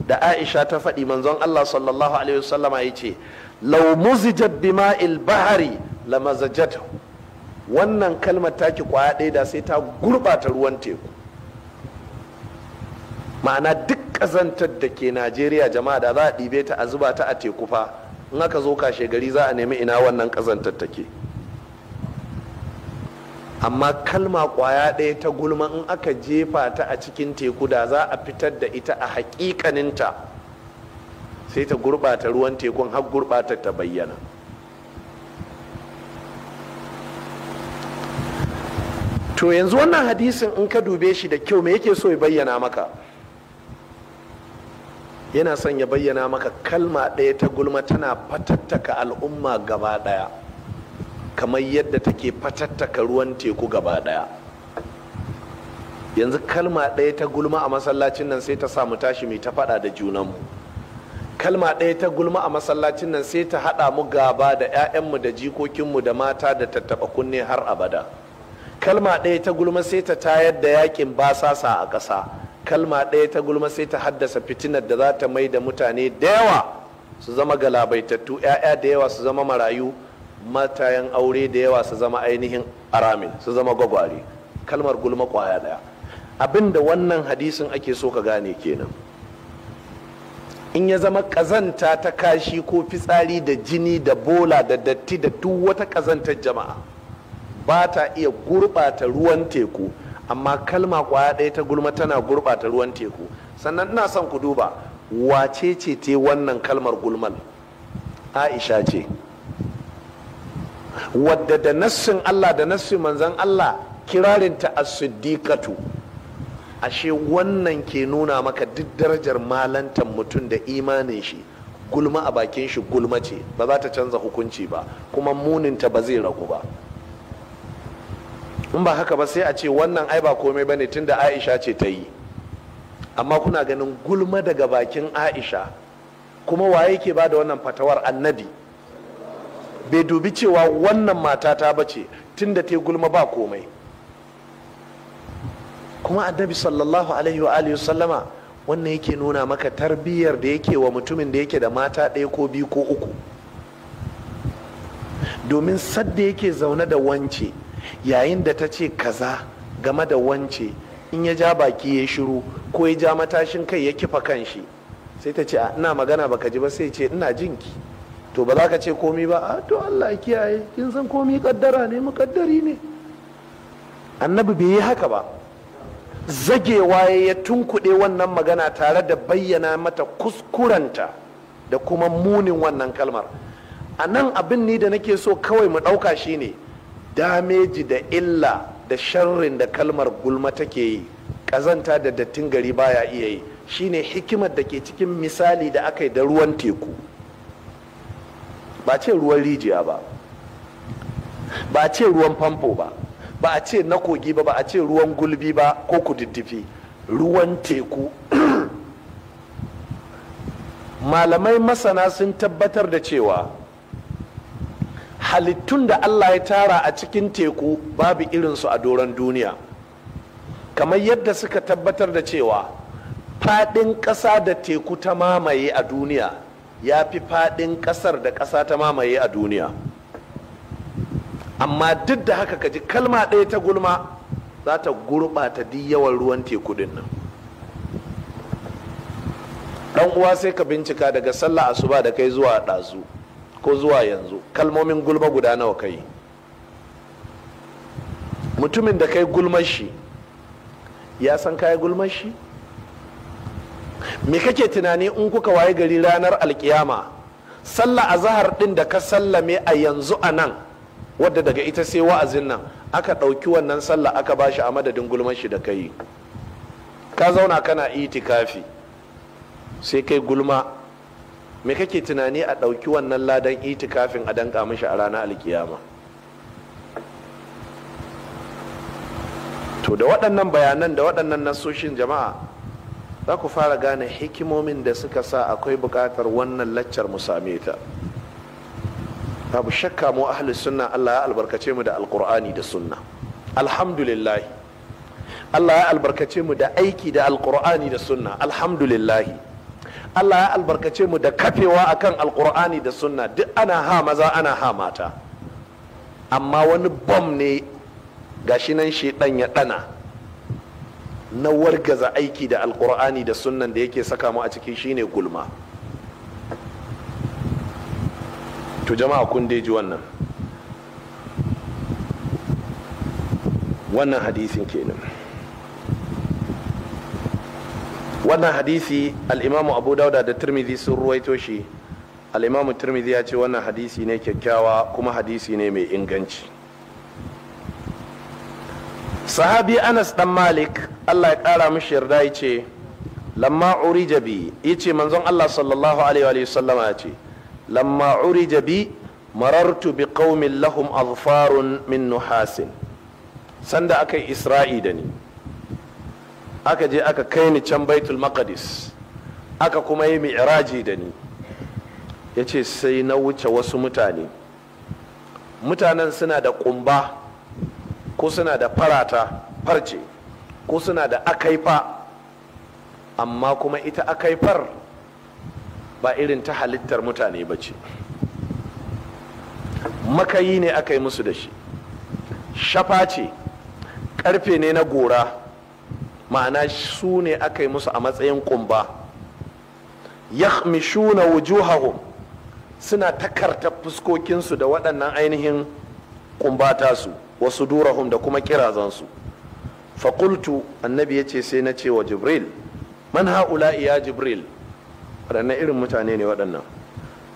da aisha ta faɗi manzon allah sallallahu alaihi wasallama ya ce laumuzi jabbi ma'il bahari lamazajat wannan kalmar taki ƙwaya ɗaya da sai ta gurɓata ruwan teku ma'ana duk ƙazantar da ke najeriya jama'a da za a ɗibe ta a zuba ta a teku fa in aka zo kashe gari za a nemi ina wannan ƙazantar take amma kalma kwaya ɗaya ta gulma in aka jefa ta a cikin teku da za a fitar da ita a haƙiƙaninta sai ta gurɓata ruwan tekun har gurɓata ta bayyana to yanzu wannan hadisin in ka dube shi da kyau me yake so ya bayyana maka yana son ya bayyana maka kalma ɗaya ta gulma tana fatattaka al'umma gaba ɗaya kamar yadda take fatattaka ruwan teku gaba daya yanzu kalma ɗaya ta gulma a masallacin nan sai ta samu tashi mai ta faɗa da mu. kalma ɗaya ta gulma a masallacin nan sai ta haɗa mu gaba da 'ya'yanmu da jikokinmu da mata da tattaɓa kunne har abada kalma ɗaya ta gulma sai ta tayar da yakin basasa a ƙasa kalma ɗaya ta gulma sai ta haddasa fitinar da za ta mai da mutane da yawa su zama galabaitattu 'ya'ya da yawa su zama marayu matayan aure da yawa su zama ainihin arami su zama gwagware kalmar gulma kwaya daya abinda wannan hadisin ake so ka gane kenan in ya zama kazanta ta kashi ko fitsari da jini da bola da datti da duk wata kazantar jama'a ba ta iya gurɓata ruwan teku amma kalma kwaya ɗaya ta gulma tana gurɓata ruwan teku sannan ina son ku duba wace ce te wannan kalmar gulmal aisha ce wadda da nassin Allah da nassin manzan Allah kirarinta a siddiqatu ashe wannan ke nuna maka duk darajar malantan mutum da imanin shi gulma a bakin shi gulma ce ba za ta canza hukunci ba kuma muninta ba zai ragu ba in ba haka ba sai a ce wannan ai ba komai ba tun tunda Aisha ce ta yi amma kuna ganin gulma daga bakin Aisha kuma waye ke ba da wannan fatawar annabi bai dubi cewa wannan mata ta bace tun da ta gulma ba komai kuma annabi sallallahu alaihi wa sallama wannan yake nuna maka tarbiyyar da yake wa mutumin da yake da mata ɗaya ko biyu ko uku domin sadda yake zaune da wance yayin da ta ce kaza game da wance in ya ja baki ya shiru ko ya ja matashin kai ya kifa kanshi sai ta ce ina magana baka ji ba sai ce ina jinki to ba za ka ce komi ba a to Allah kiyaye kin san komi kaddara ne mukaddari ne annabi bai yi haka ba zagewa ya tunkuɗe wannan magana tare da bayyana mata kuskuranta da kuma munin wannan kalmar a nan abin ni da nake so kawai mu ɗauka shine dameji da illa da sharrin da kalmar gulma take yi ƙazanta da dattin gari baya iya yi shine hikimar da ke cikin misali da aka yi da ruwan teku ba ce ruwan rijiya ba ba ce ruwan famfo ba ba a ce na kogi ba ba a ce ruwan gulbi ba ko kududdufi ruwan teku malamai masana sun tabbatar da cewa halittun da allah ya tara a cikin teku babu irinsu a doron duniya kamar yadda suka tabbatar da cewa faɗin ƙasa da teku ta mamaye a duniya ya fi faɗin ƙasar da ƙasa ta mamaye a duniya amma duk da haka ka ji kalma ɗaya ta gulma za ta gurɓata duk yawan ruwan teku din nan ɗan uwa sai ka bincika daga sallah asuba da kai zuwa ɗazu ko zuwa yanzu kalmomin gulma guda nawa kai mutumin da kai gulmar shi ya san kai gulmar shi me kake tunani in kuka waye gari ranar alkiyama sallah a zahar din da ka sallame a yanzu a nan wadda daga ita sai wa'azin nan aka ɗauki wannan sallah aka ba shi a madadin gulman shi da ka yi ka zauna kana itikafi sai kai gulma me kake tunani a ɗauki wannan ladan itikafin a danka mishi a ranar alkiyama to da waɗannan bayanan da waɗannan nasoshin jama'a za ku fara gane hikimomin da suka sa akwai bukatar wannan laccar mu same ta babu shakka mu ahli sunna Allah ya albarkace mu da alqur'ani da sunna alhamdulillah Allah ya albarkace mu da aiki da alqur'ani da sunna alhamdulillah Allah ya albarkace mu da kafewa akan alqur'ani da sunna duk ana ha maza ana ha mata amma wani bom ne gashi nan shi ya dana. na wargaza aiki da alkur'ani da sunan da yake saka mu a ciki shine gulma to jama'a kun ji wannan wannan hadisin kenan wannan hadisi al'imamu abu dauda da turmizi sun ruwaito shi al'imamu turmizi ya ce wannan hadisi ne kyakkyawa kuma hadisi ne mai inganci sahabi anas dan malik allah ya kara mishi yarda ya ce lamma uri jabi ya ce manzon allah sallallahu alaihi wa sallama ya ce lamma uri jabi marartu bi qaumin lahum azfarun min nuhasin sanda aka yi isra'i da ni aka je aka kai ni can baitul maqdis aka kuma yi mi'raji da ni ya ce sai na wuce wasu mutane mutanen suna da kumba ko suna da farata farce ko suna da akaifa amma kuma ita akaifar ba irin ta halittar mutane ba ce makayi ne aka yi musu da shi shafa ce karfe ne na gora ma'ana su ne aka yi musu a matsayin kumba yakhmishuna wujuhahum suna takarta fuskokinsu da waɗannan ainihin kumbata su wasu durahum da kuma kirazansu faƙultu annabi yace sai na ce wa jibril man ha'ula ya jibril waɗannan irin mutane ne waɗannan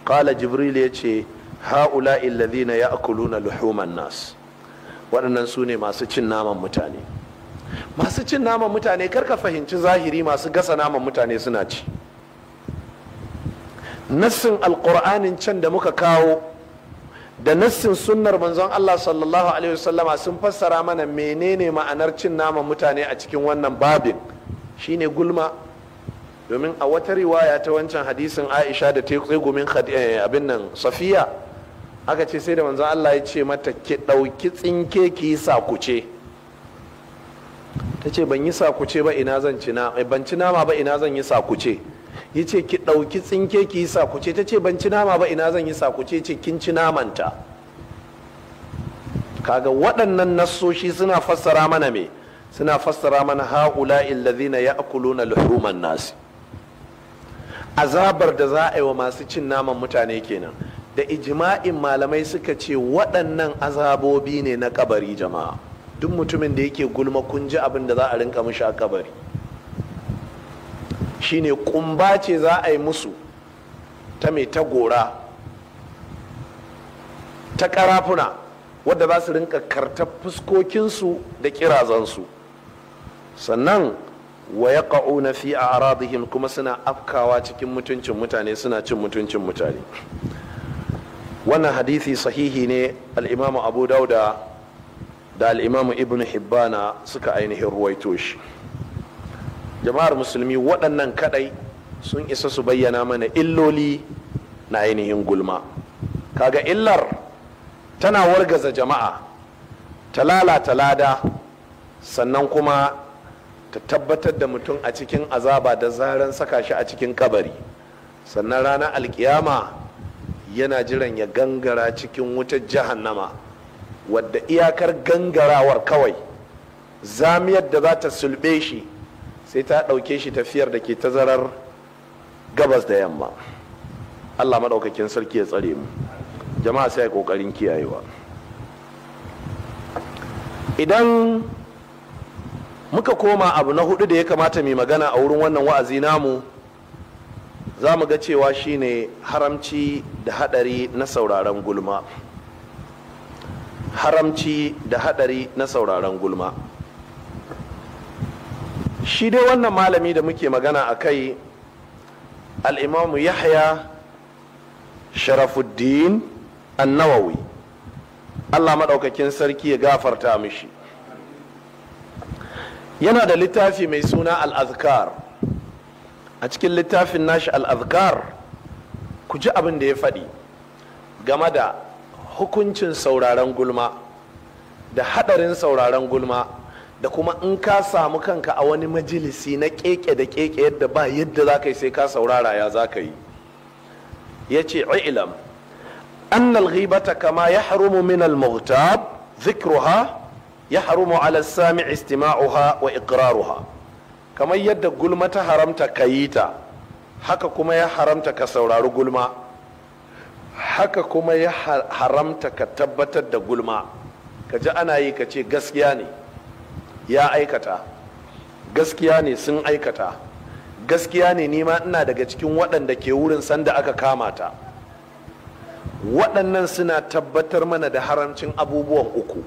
ƙala jibril ya ce ha'ula illazina ya akuluna luhuman nas waɗannan su ne masu cin naman mutane masu cin naman mutane karka fahimci zahiri masu gasa naman mutane suna ci nassin alƙur'anin can da muka kawo da nassin sunnar manzon Allah sallallahu alaihi wasallama sun fassara mana menene ma'anar cin naman mutane a cikin wannan babin shine gulma domin a wata riwaya ta wancan hadisin Aisha da tegumin eh, abin nan Safiya aka ce sai da manzon Allah ya ce mata ki dauki tsinke ki sa ta ce ban yi sakuce ba ina zan ci ban ci nama ba ina zan yi sakuce ya ce ki ɗauki tsinke ki yi sakuce ta ce ban ci nama ba ina zan yi sakuce ce kin ci namanta kaga waɗannan nassoshi suna fassara mana me suna fassara mana ha'ula illazina ya'kuluna luhuman nasi azabar da za a yi wa masu cin naman mutane kenan da ijma'in malamai suka ce waɗannan azabobi ne na kabari jama'a duk mutumin da yake gulma kun ji abin da za a rinka mishi a kabari shine kumba ce za a yi musu ta mai ta gora ta karafuna wadda za su rinka karta fuskokinsu da kirazansu sannan wa ya na fi a aradihim kuma suna afkawa cikin mutuncin mutane suna cin mutuncin mutane wannan hadithi sahihi ne al'imamu abu dauda da al'imamu ibn hibbana suka ainihin ruwaito shi jama'ar musulmi waɗannan kaɗai sun isa su bayyana mana illoli na ainihin gulma kaga illar tana wargaza jama'a ta lalata lada sannan kuma ta tabbatar da mutum a cikin azaba da zaran saka shi a cikin kabari sannan ranar alkiyama yana jiran ya gangara cikin wutar jahannama wadda iyakar gangarawar kawai zamiyar da za ta sulbe shi sai ta ɗauke shi tafiyar da ke tazarar gabas da yamma allah maɗaukakin sarki ya tsare mu jama'a sai ƙoƙarin kiyayewa idan muka koma abu na hudu da ya kamata mai magana a wurin wannan wa'azi namu za mu ga cewa shine haramci da hadari na sauraron gulma haramci da haɗari na sauraron gulma shi dai wannan malami da muke magana a kai al'imamu yahya sharafuddin annawawi allah maɗaukakin sarki ya gafarta mishi yana da littafi mai suna al'azkar a cikin littafin nashi al'azkar ku ji abin da ya faɗi game da hukuncin sauraron gulma da haɗarin sauraron gulma da kuma in ka samu kanka a wani majalisi na keke da keke yadda ba yadda za ka yi sai ka saurara ya za ka yi ya ce ilam annal ghibata kama ya harumu min al-muhtab zikruha ya harumu ala sami istima'uha wa iqraruha kamar yadda gulma ta haramta ka yi ta haka kuma ya haramta ka saurari gulma haka kuma ya haramta ka tabbatar da gulma ka ji ana yi ka ce gaskiya ne ya aikata gaskiya ne sun aikata gaskiya ne nima ina daga cikin waɗanda ke wurin sanda aka kama ta waɗannan suna tabbatar mana da haramcin abubuwan uku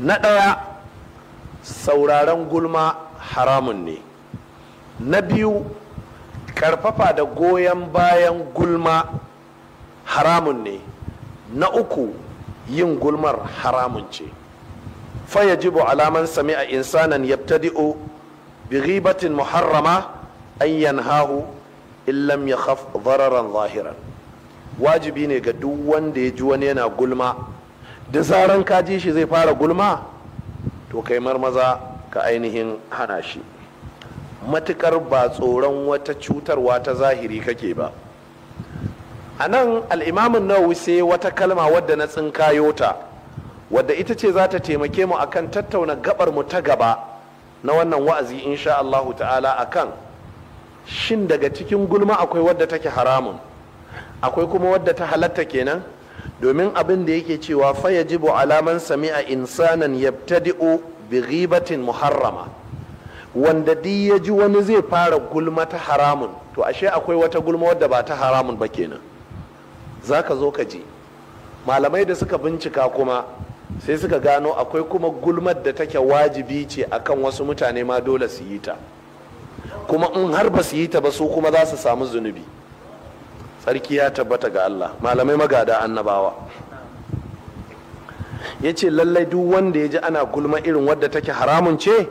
na ɗaya sauraron gulma haramun ne na biyu karfafa da goyon bayan gulma haramun ne na uku yin gulmar haramun ce fa jibo alaman a insanan yabtadi'u bi ghibatin muharrama an hahu, in lam yakhaf zahiran wajibi ne ga duk wanda ya ji wani yana gulma da zaran ka ji shi zai fara gulma to kai marmaza ka ainihin hana shi matukar ba tsoron wata cutarwa ta zahiri kake ba a nan al'imamin nawa sai wata kalma wadda na tsinkayota wadda ita ce za ta taimake mu akan tattauna gabar mu ta gaba na wannan wa'azi insha Allahu ta'ala akan shin daga cikin gulma akwai wadda take haramun akwai kuma wadda ta halatta kenan domin abin da yake cewa fa yajibu alaman sami'a insanan yabtadi'u bi ghibatin muharrama wanda di ya ji wani zai fara gulma ta haramun to ashe akwai wata gulma wadda ba ta haramun ba kenan zaka zo ka ji malamai da suka bincika kuma sai suka gano akwai kuma gulmar da take wajibi ce akan wasu mutane ma dole su yi ta kuma in har ba su yi ta ba su kuma za su samu zunubi tsarki ya tabbata ga Allah malamai magada annabawa ya ce lallai duk wanda ya ji ana gulma irin wadda take haramun ce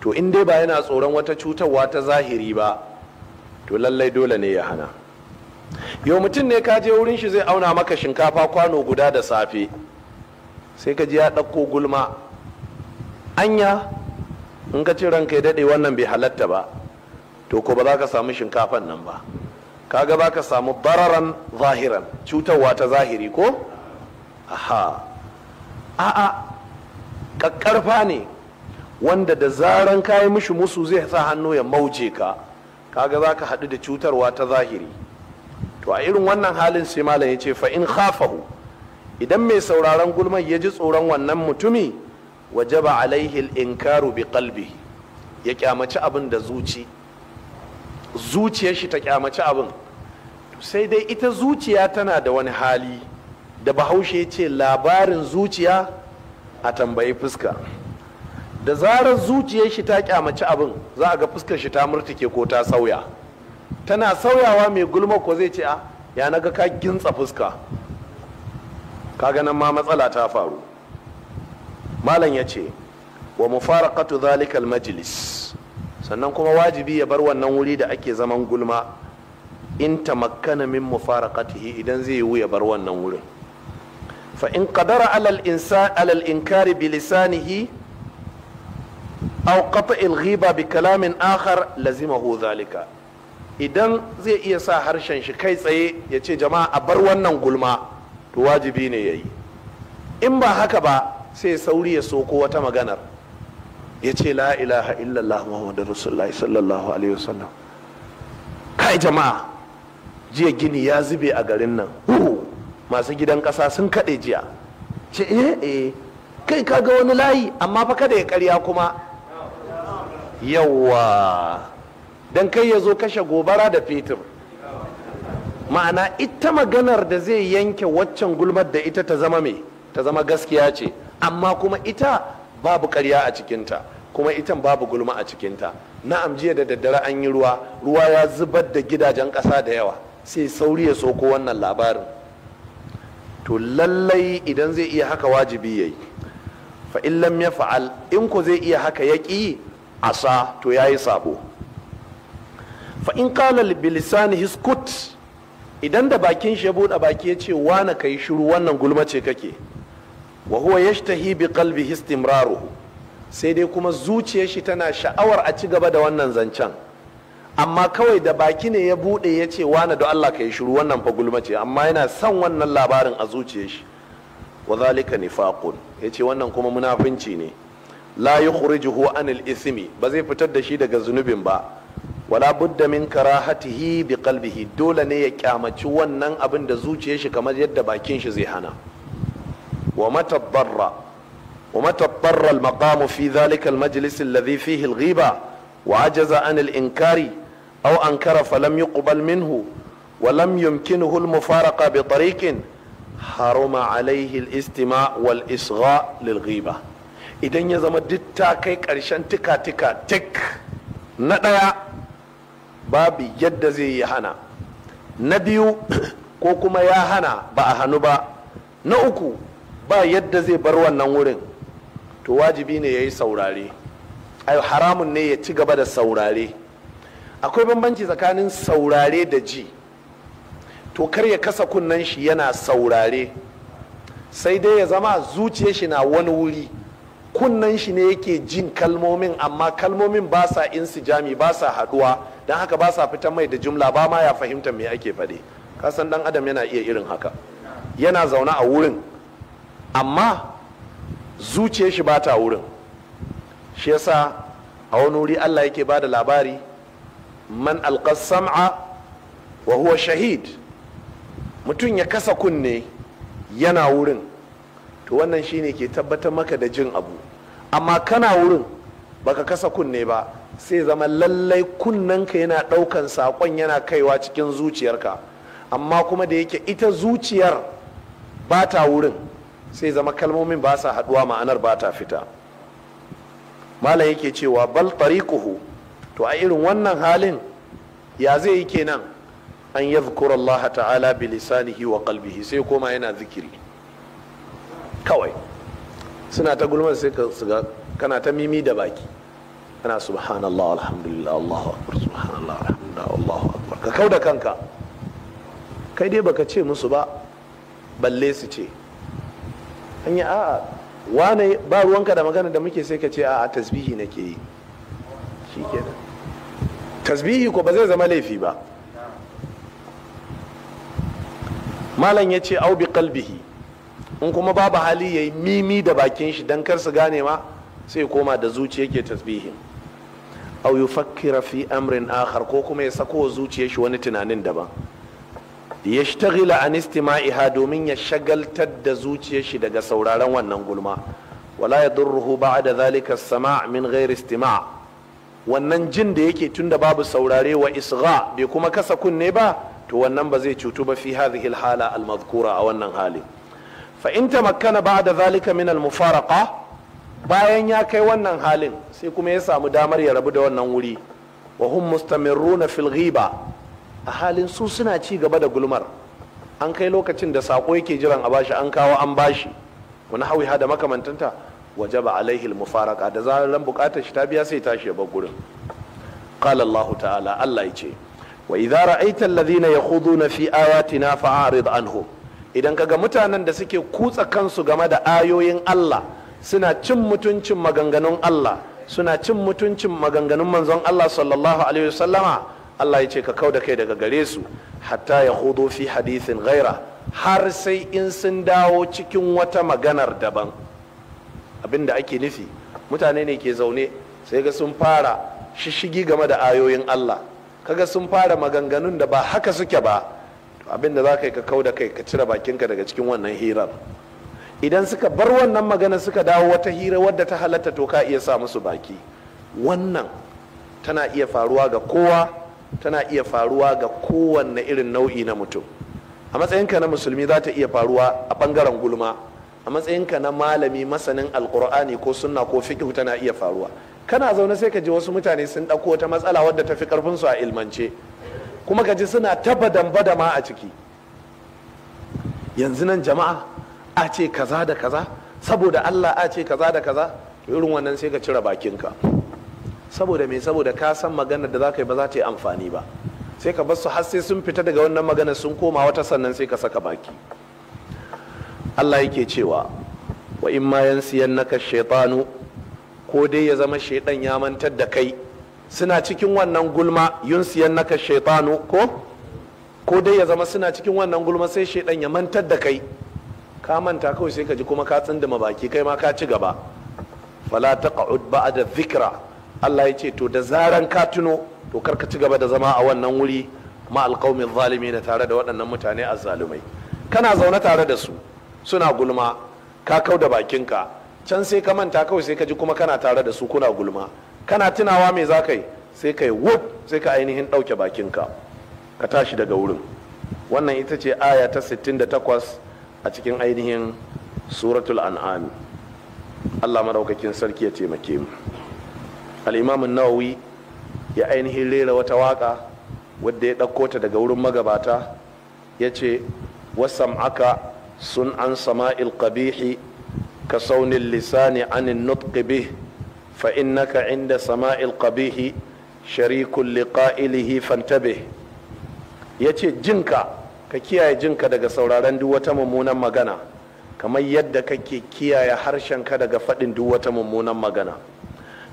to in dai ba yana tsoron wata cutarwa ta zahiri ba to lallai dole ne ya hana yau mutum ne ka je wurin shi zai auna maka shinkafa kwano guda da safe sai ka ji ya ɗauko gulma anya in ka ci ranka ya daɗe wannan bai halatta ba to ko ba za ka samu shinkafan nan ba kaga ba ka samu bararan zahiran cutarwa ta zahiri ko aha a'a ƙaƙƙarfa ne wanda da zaran kayi mishi musu zai sa hannu ya mauje ka kaga za ka haɗu da cutarwa ta zahiri to a irin wannan halin sai malam ya ce fa in khafahu idan mai sauraron gulman ya ji tsoron wannan mutumi wajaba alaihi inkaru bi kalbi, ya kyamaci abin da zuci zuciyar shi ta kyamaci abin sai dai ita zuciya tana da wani hali da bahaushe ce labarin zuciya a tambayi fuska da zarar zuciyar shi ta kyamaci abin za a ga fuskar shi ta murtuke ko ta sauya tana sauyawa mai gulma ko zai ce a ah, ya naga ka gintsa fuska kaga nan ma matsala ta faru malam ya ce wa mufaraqatu zalikal majlis sannan kuma wajibi ya bar wannan wuri da ake zaman gulma in tamakkana min mufaraqatihi idan zai yi ya bar wannan wurin fa in qadara alal insan alal inkari bi lisanihi aw qata'i bi kalamin akhar lazimahu zalika idan zai iya sa harshen shi kai tsaye ya ce jama'a a bar wannan gulma to wajibi ne ya yi in ba haka ba sai sauri ya soko wata maganar ya ce la ilaha illallah muhammadu rasulullahi sallallahu alaihi wasallam kai jama'a jiya gini ya zube a garin nan masu gidan ƙasa sun kaɗe jiya ce eh eh kai ka ga wani layi amma fa kada ya karya kuma yawwa dan kai ya zo kashe gobara da fetur ma'ana ita maganar da zai yanke waccan gulmar da ita ta zama mai ta zama gaskiya ce amma kuma ita babu karya a cikinta kuma ita babu gulma a cikinta na'am jiya da daddare an yi ruwa ruwa ya zubar da gidajen ƙasa da yawa sai sauri ya soko wannan labarin to lallai idan zai iya haka wajibi ya yi, fa in ya fa'al in ko zai iya haka ya ƙi asa to ya yi sabo fa in qala Bilisani Hiskut. idan da bakin shi ya buɗe baki ya ce wane kai shiru wannan gulma ce kake wa huwa yashtahi bi kalbi istimraruhu sai dai kuma zuciyar shi tana sha'awar a ci gaba da wannan zancen amma kawai da baki ne ya buɗe ya ce wane da Allah kai shiru wannan fa gulma ce amma yana son wannan labarin a zuciyar shi wa zalika nifaqun yace wannan kuma munafinci ne la yukhrijuhu anil ismi ba zai fitar da shi daga zunubin ba wala budda min karahatihi bi qalbihi dole ne ya kyamaci wannan abin da zuciyar shi kamar yadda bakin shi zai hana wa mata barra wa mata barra al fi dhalika al majlis alladhi fihi al ghiba wa ajaza an al inkari aw ankara falam yuqbal minhu wa lam yumkinuhu al mufaraqa bi tariqin haruma alaihi al istima wal isgha lil ghiba idan ya zama duk ta kai karshen tika tika tik na daya babu yadda zai yi hana na biyu ko kuma ya hana ba a hannu ba na uku ba yadda zai bar wannan wurin to wajibi ne ya yi saurare Ayo haramun ne ya ci gaba da saurare akwai bambanci tsakanin saurare da ji to kar ya kasa kunnen shi yana saurare sai dai ya zama zuciyar shi na wani wuri kunnen shi ne yake jin kalmomin amma kalmomin ba sa insijami ba sa haduwa don haka ba sa fitan mai da jumla ba ma ya fahimta me ake faɗi kasan dan adam yana iya irin haka yana zaune a wurin amma zuciyar shi ba ta wurin shi yasa a wani wuri Allah yake ba da labari man alqas sam'a wa huwa shahid mutum ya kasa kunne yana wurin to wannan shine ke tabbatar maka da jin abu amma kana wurin baka kasa kunne ba sai zama lallai ka yana ɗaukan sakon yana kaiwa cikin zuciyarka amma kuma da yake ita zuciyar ba ta wurin sai zama kalmomin ba sa haɗuwa ma'anar ba ta fita malam yake cewa bal tariquhu to a irin wannan halin ya zai yi kenan an yadhkura Allah ta'ala bi lisanihi wa qalbihi sai koma yana zikiri kawai suna ta gulman sai ka kana ta mimi da baki ana subhanallah alhamdulillah allahu akbar subhanallah alhamdulillah allahu akbar ka kauda kanka kai dai baka ce musu ba balle su ce an yi a'a wane ba ruwanka da magana da muke sai ka ce a'a tasbihi nake yi shikenan tasbihi ko ba zai zama laifi ba malam ya ce au bi kalbihi in kuma babu hali ya yi mimi da bakin shi don kar su gane ma sai koma da zuciya ke tasbihin au yufakkira fi amrin akhar ko kuma ya sako zuciyar shi wani tunanin daban yashtaghila an istima'iha domin ya shagaltar da zuciyar shi daga sauraron wannan gulma wala yadurruhu ba'da da zalika sama min ghairi istima' wannan jin da yake tunda babu saurare wa isra bai kuma kasa kunne ba to wannan ba zai cutu ba fi hadhihi al-hala al-madhkura a wannan hali fa in tamakkana ba'da zalika min al-mufaraqa bayan ya kai wannan halin sai kuma ya samu damar ya rabu da wannan wuri wa hum mustamirruna fil ghiba a halin su suna ci gaba da gulmar an kai lokacin da sako yake jiran a bashi an kawo an bashi wani hawi da makamantanta wajaba alaihi mufaraka da ran bukatar shi ta biya sai tashi ya bar gurin qala allah ta'ala allah yace wa idza ra'aita alladhina yakhuduna fi ayatina fa'arid anhum idan kaga mutanen da suke kutsa kansu game da ayoyin allah suna cin mutuncin maganganun Allah suna cin mutuncin maganganun manzon Allah sallallahu alaihi wasallama Allah ya ce ka kau da kai daga gare su hatta ya hudu fi hadithin ghaira har sai in sun dawo cikin wata maganar daban abin ake nufi mutane ne ke zaune sai ga sun fara shishigi game da ayoyin Allah kaga sun fara maganganun da ba haka suke ba abin da za ka yi ka kau da kai ka cire bakinka daga cikin wannan hirar idan suka bar wannan magana suka dawo wata hira wadda ta halatta to ka iya sa musu baki wannan tana iya faruwa ga kowa tana iya faruwa ga kowanne irin nau'i na mutum a matsayinka na musulmi za ta iya faruwa a bangaren gulma a matsayinka na malami masanin alkur'ani ko sunna ko fiqh tana iya faruwa kana zaune sai ka ji wasu mutane sun ɗauko wata matsala wadda ta fi su a ilmance kuma ka ji suna damba da badama a ciki yanzu nan jama'a a ce kaza da kaza saboda Allah a ce kaza da kaza irin wannan sai ka cire bakinka saboda me saboda ka san maganar da za ka yi ba za ta yi amfani ba sai ka basu har sai sun fita daga wannan maganar sun koma wata sannan sai ka saka baki Allah yake cewa wa in ma yansiyannaka shaitanu ko dai ya zama shaitan ya mantar da kai suna cikin wannan gulma siyan naka shaitanu ko ko dai ya zama suna cikin wannan gulma sai shaitan ya mantar da kai ka manta kawai sai ka ji kuma ka tsindima baki kai ma ka ci gaba fala taq'ud ba'da dhikra Allah ya ce to da zaran ka tuno to kar ka ci gaba da zama a wannan wuri ma alqaumi zalimin tare da waɗannan mutane azzalumai kana zaune tare da su suna gulma ka kau da bakinka can sai ka manta kawai sai ka ji kuma kana tare da su kuna gulma kana tunawa me za ka yi sai ka yi wuf sai ka ainihin ɗauke bakinka ka tashi daga wurin wannan ita ce aya ta 68 a cikin ainihin suratul an'ami Allah madaukakin sarki ya taimake mu Alimamin nawawi ya ainihin rera wata waƙa wadda ya ɗauko ta daga wurin magabata ya ce wasan aka sun an sama'il ilkabihi ka saunin lisani anin nutqi fa innaka inda sama'il qabihi sharikun liqa'ilihi fantabe ya ce jinka ka kiyaye jinka daga sauraron duk wata mummunan magana kamar yadda kake kiyaye harshenka daga faɗin duk wata mummunan magana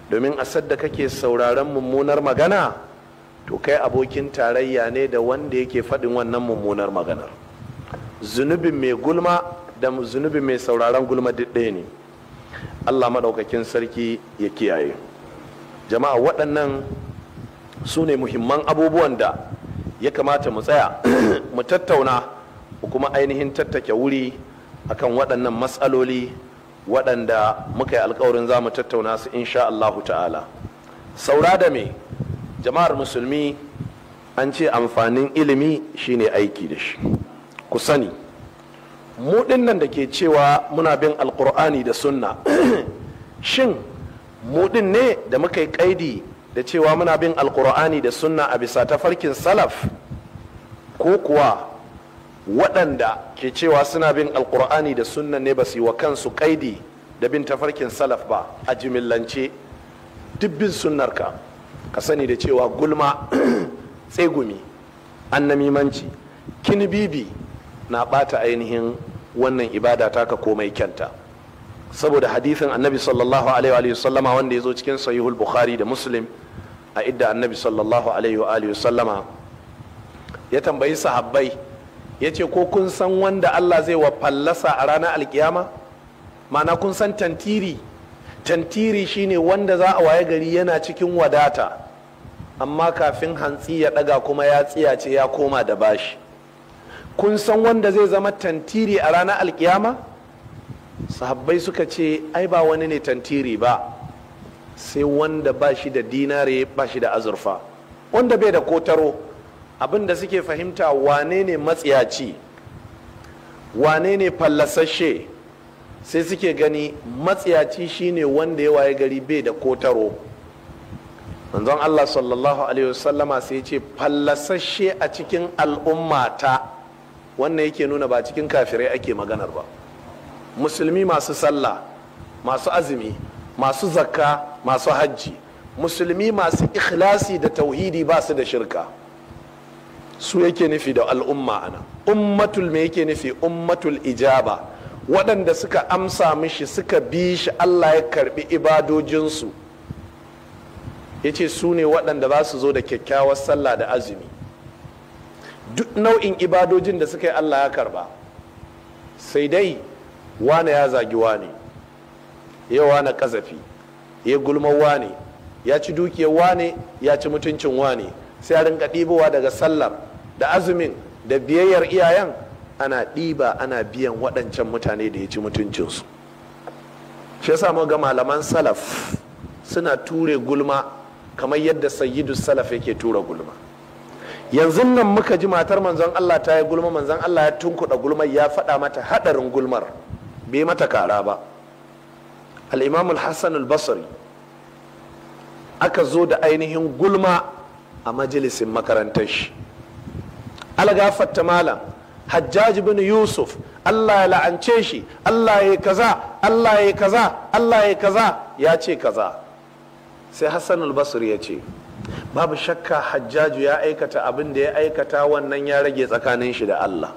domin a sadda kake sauraron mummunar magana to kai abokin tarayya ne da wanda yake faɗin wannan mummunar maganar Zunubi mai gulma da zunubi mai sauraron gulma duk ɗaya ne allah maɗaukakin sarki ya kiyaye jama'a waɗannan su ne muhimman abubuwan da ya kamata mu tsaya mu tattauna mu kuma ainihin tattake wuri akan waɗannan matsaloli waɗanda muka yi alkawarin za mu tattauna su insha Allahu ta'ala saura da me jama'ar musulmi an ce amfanin ilimi shine aiki da shi ku sani mu nan da ke cewa muna bin alkur'ani da sunna shin mu ne da muka yi kaidi da cewa muna bin alkur'ani da sunna a bisa tafarkin salaf ko kuwa waɗanda ke cewa suna bin alkur'ani da sunna ne ba su yi wa kansu kaidi da bin tafarkin salaf ba a jimillance dubbin sunnarka ka sani da cewa gulma tsegumi annamimanci kinibibi na ɓata ainihin wannan ibada taka komai kyanta saboda hadithin annabi sallallahu alaihi wa sallama wanda ya zo cikin sahihul bukhari da muslim a idda annabi sallallahu alaihi wa sallama ya tambayi sahabbai ya ce ko kun san wanda Allah zai wa fallasa a ranar alkiyama ma'ana kun san tantiri tantiri shine wanda za a waye gari yana cikin wadata amma kafin hantsi ya daga kuma ya tsiya ce ya koma da bashi kun san wanda zai zama tantiri a ranar alkiyama sahabbai suka ce ai ba wani ne tantiri ba sai wanda ba shi da dinare ba shi da azurfa wanda bai da kotaro abinda suke fahimta wane ne matsiyaci wane ne fallasashe sai suke gani matsiyaci shine wanda ya waye gari bai da kotaro manzon Allah sallallahu alaihi wasallama sai ya ce fallasashe a cikin al'ummata wannan yake nuna ba cikin kafirai ake maganar ba musulmi masu sallah masu azumi masu zakka masu hajji musulmi masu ikhlasi da tauhidi ba su da shirka su yake nufi da al'umma ana ummatul me yake nufi ummatul ijaba waɗanda suka amsa mishi suka bi shi allah ya karbi ibadojinsu ya ce su ne waɗanda za su zo da kyakkyawar sallah da azumi duk nau'in ibadojin da suka yi allah ya karba sai dai wane ya zagi wane yawa na kazafi ya gulmar wane ya ci dukiyar wane ya ci mutuncin wane sai a rinka ɗibowa daga sallar da azumin da biyayyar iyayen ana ɗiba ana biyan waɗancan mutane da ya ci mutuncinsu shi yasa mu ga malaman salaf suna ture gulma kamar yadda sayyidu salaf yake tura gulma yanzu nan muka ji matar manzon Allah ta yi gulma manzon Allah ya tunkuɗa gulmar ya faɗa mata haɗarin gulmar bai mata kara ba al hassan al-basri aka zo da ainihin gulma a majalisin makarantar shi algafatta malam hajjaj bin yusuf allah ya la'ance shi allah ya kaza allah ya kaza allah ya kaza ya ce kaza sai hassan al-basri ya ce babu shakka hajjaju ya aikata abin da ya aikata wannan ya rage tsakanin shi da allah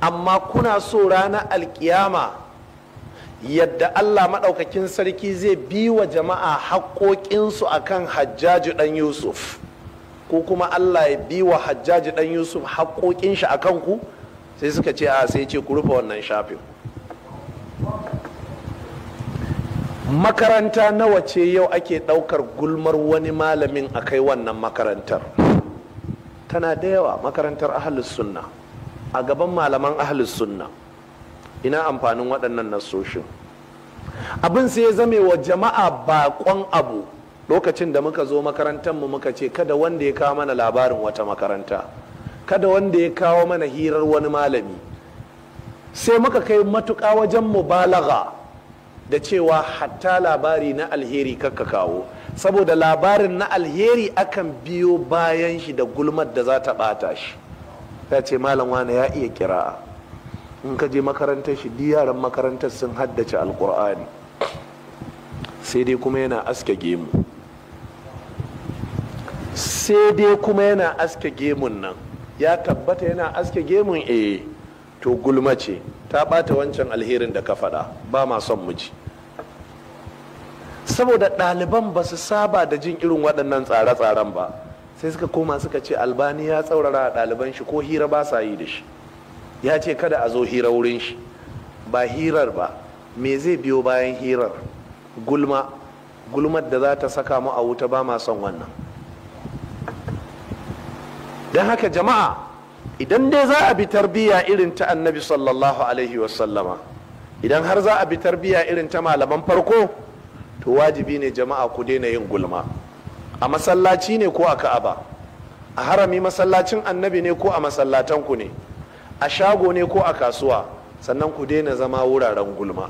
amma kuna so ranar alkiyama yadda Allah maɗaukakin sarki zai bi wa jama'a haƙoƙinsu a kan hajjaji ɗan yusuf ko kuma Allah ya bi wa hajjaji ɗan yusuf haƙoƙin shi a ku sai suka ce a sai ce ku rufe wannan shafin makaranta nawa ce yau ake ɗaukar gulmar wani malamin a kai wannan makarantar tana da yawa makarantar ahalus sunna a gaban malaman ahalus sunna ina amfanin waɗannan nasoshin. abin sai ya zame wa jama'a baƙon abu lokacin da muka zo makarantar mu muka ce kada wanda ya kawo mana labarin wata makaranta kada wanda ya kawo mana hirar wani malami sai muka kai matuƙa wajen mubalaga da cewa hatta labari na alheri kakka kawo saboda labarin na alheri akan biyo bayan shi da gulmar da za ta ɓata shi ya ce malam wane ya iya kira'a in ka je makarantar shi di yaran makarantar sun haddace alkur'ani sai dai kuma yana aske gemu sai dai kuma yana aske gemun nan ya tabbata yana aske gemun eh to gulma ce ta bata wancan alherin da ka faɗa ba ma son muji saboda ɗaliban ba su saba da jin irin waɗannan tsare-tsaren ba sai suka koma suka ce albani ya tsaurara a ɗaliban shi ko hira ba sa yi da shi ya ce kada a zo hira wurin shi ba hirar ba me zai biyo bayan hirar gulma gulmar da za ta saka mu a wuta ba ma son wannan don haka jama'a idan dai za a bi tarbiyya irin ta annabi sallallahu alaihi wasallama idan har za a bi tarbiyya irin ta malaman farko to wajibi ne jama'a ku daina yin gulma a masallaci ne ko a ka'aba a harami masallacin annabi ne ko a masallatan ku ne a shago ne ko a kasuwa sannan ku daina zama wuraren gulma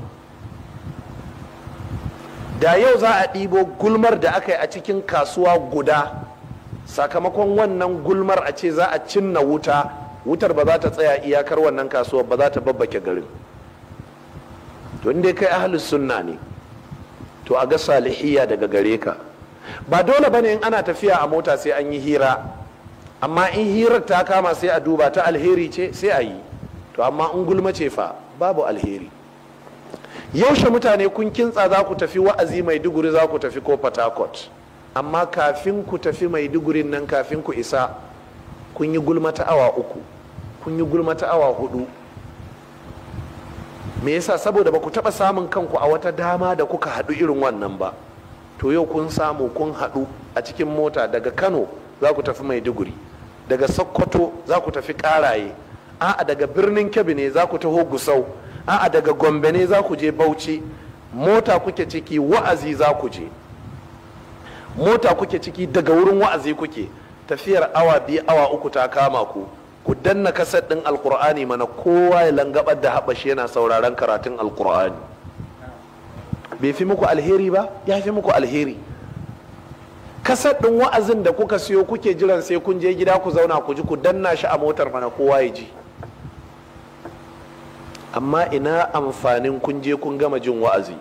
da yau za a ɗibo gulmar da aka yi a cikin kasuwa guda sakamakon wannan gulmar a ce za a cinna wuta wutar ba za ta tsaya iyakar wannan kasuwar ba za ta babbake garin to inda kai ahalus sunna ne to a ga salihiyya daga gare ka ba dole ba ne in ana tafiya a mota sai an yi hira amma in hirar ta kama sai a duba ta alheri ce sai a yi to amma in gulma ce fa babu alheri yaushe mutane kun kintsa za ku tafi wa'azi mai maiduguri za ku tafi ko patakot amma kafin ku tafi mai maidugurin nan kafin ku isa kun yi gulma ta awa uku kun yi gulma ta awa hudu me yasa saboda ba ku taba samun kanku a wata dama da kuka haɗu irin wannan ba to yau kun samu kun haɗu a cikin mota daga kano za ku tafi mai maiduguri daga sokoto za ku tafi karaye a'a daga birnin kebbi ne za ku taho gusau a'a daga gombe ne za ku je bauchi mota kuke ciki wa'azi za ku je mota kuke ciki daga wurin wa'azi kuke tafiyar awa biyu awa uku ta kama ku ku danna kasar ɗin alkur'ani mana kowa ya langabar da haɓashi yana sauraron karatun alkur'ani bai fi muku alheri ba ya fi muku alheri kasar ɗin wa'azin da kuka siyo kuke jiran sai kun je gida ku zauna ku ji ku danna shi a motar mana kowa ya ji amma ina amfanin kun je kun gama jin wa'azi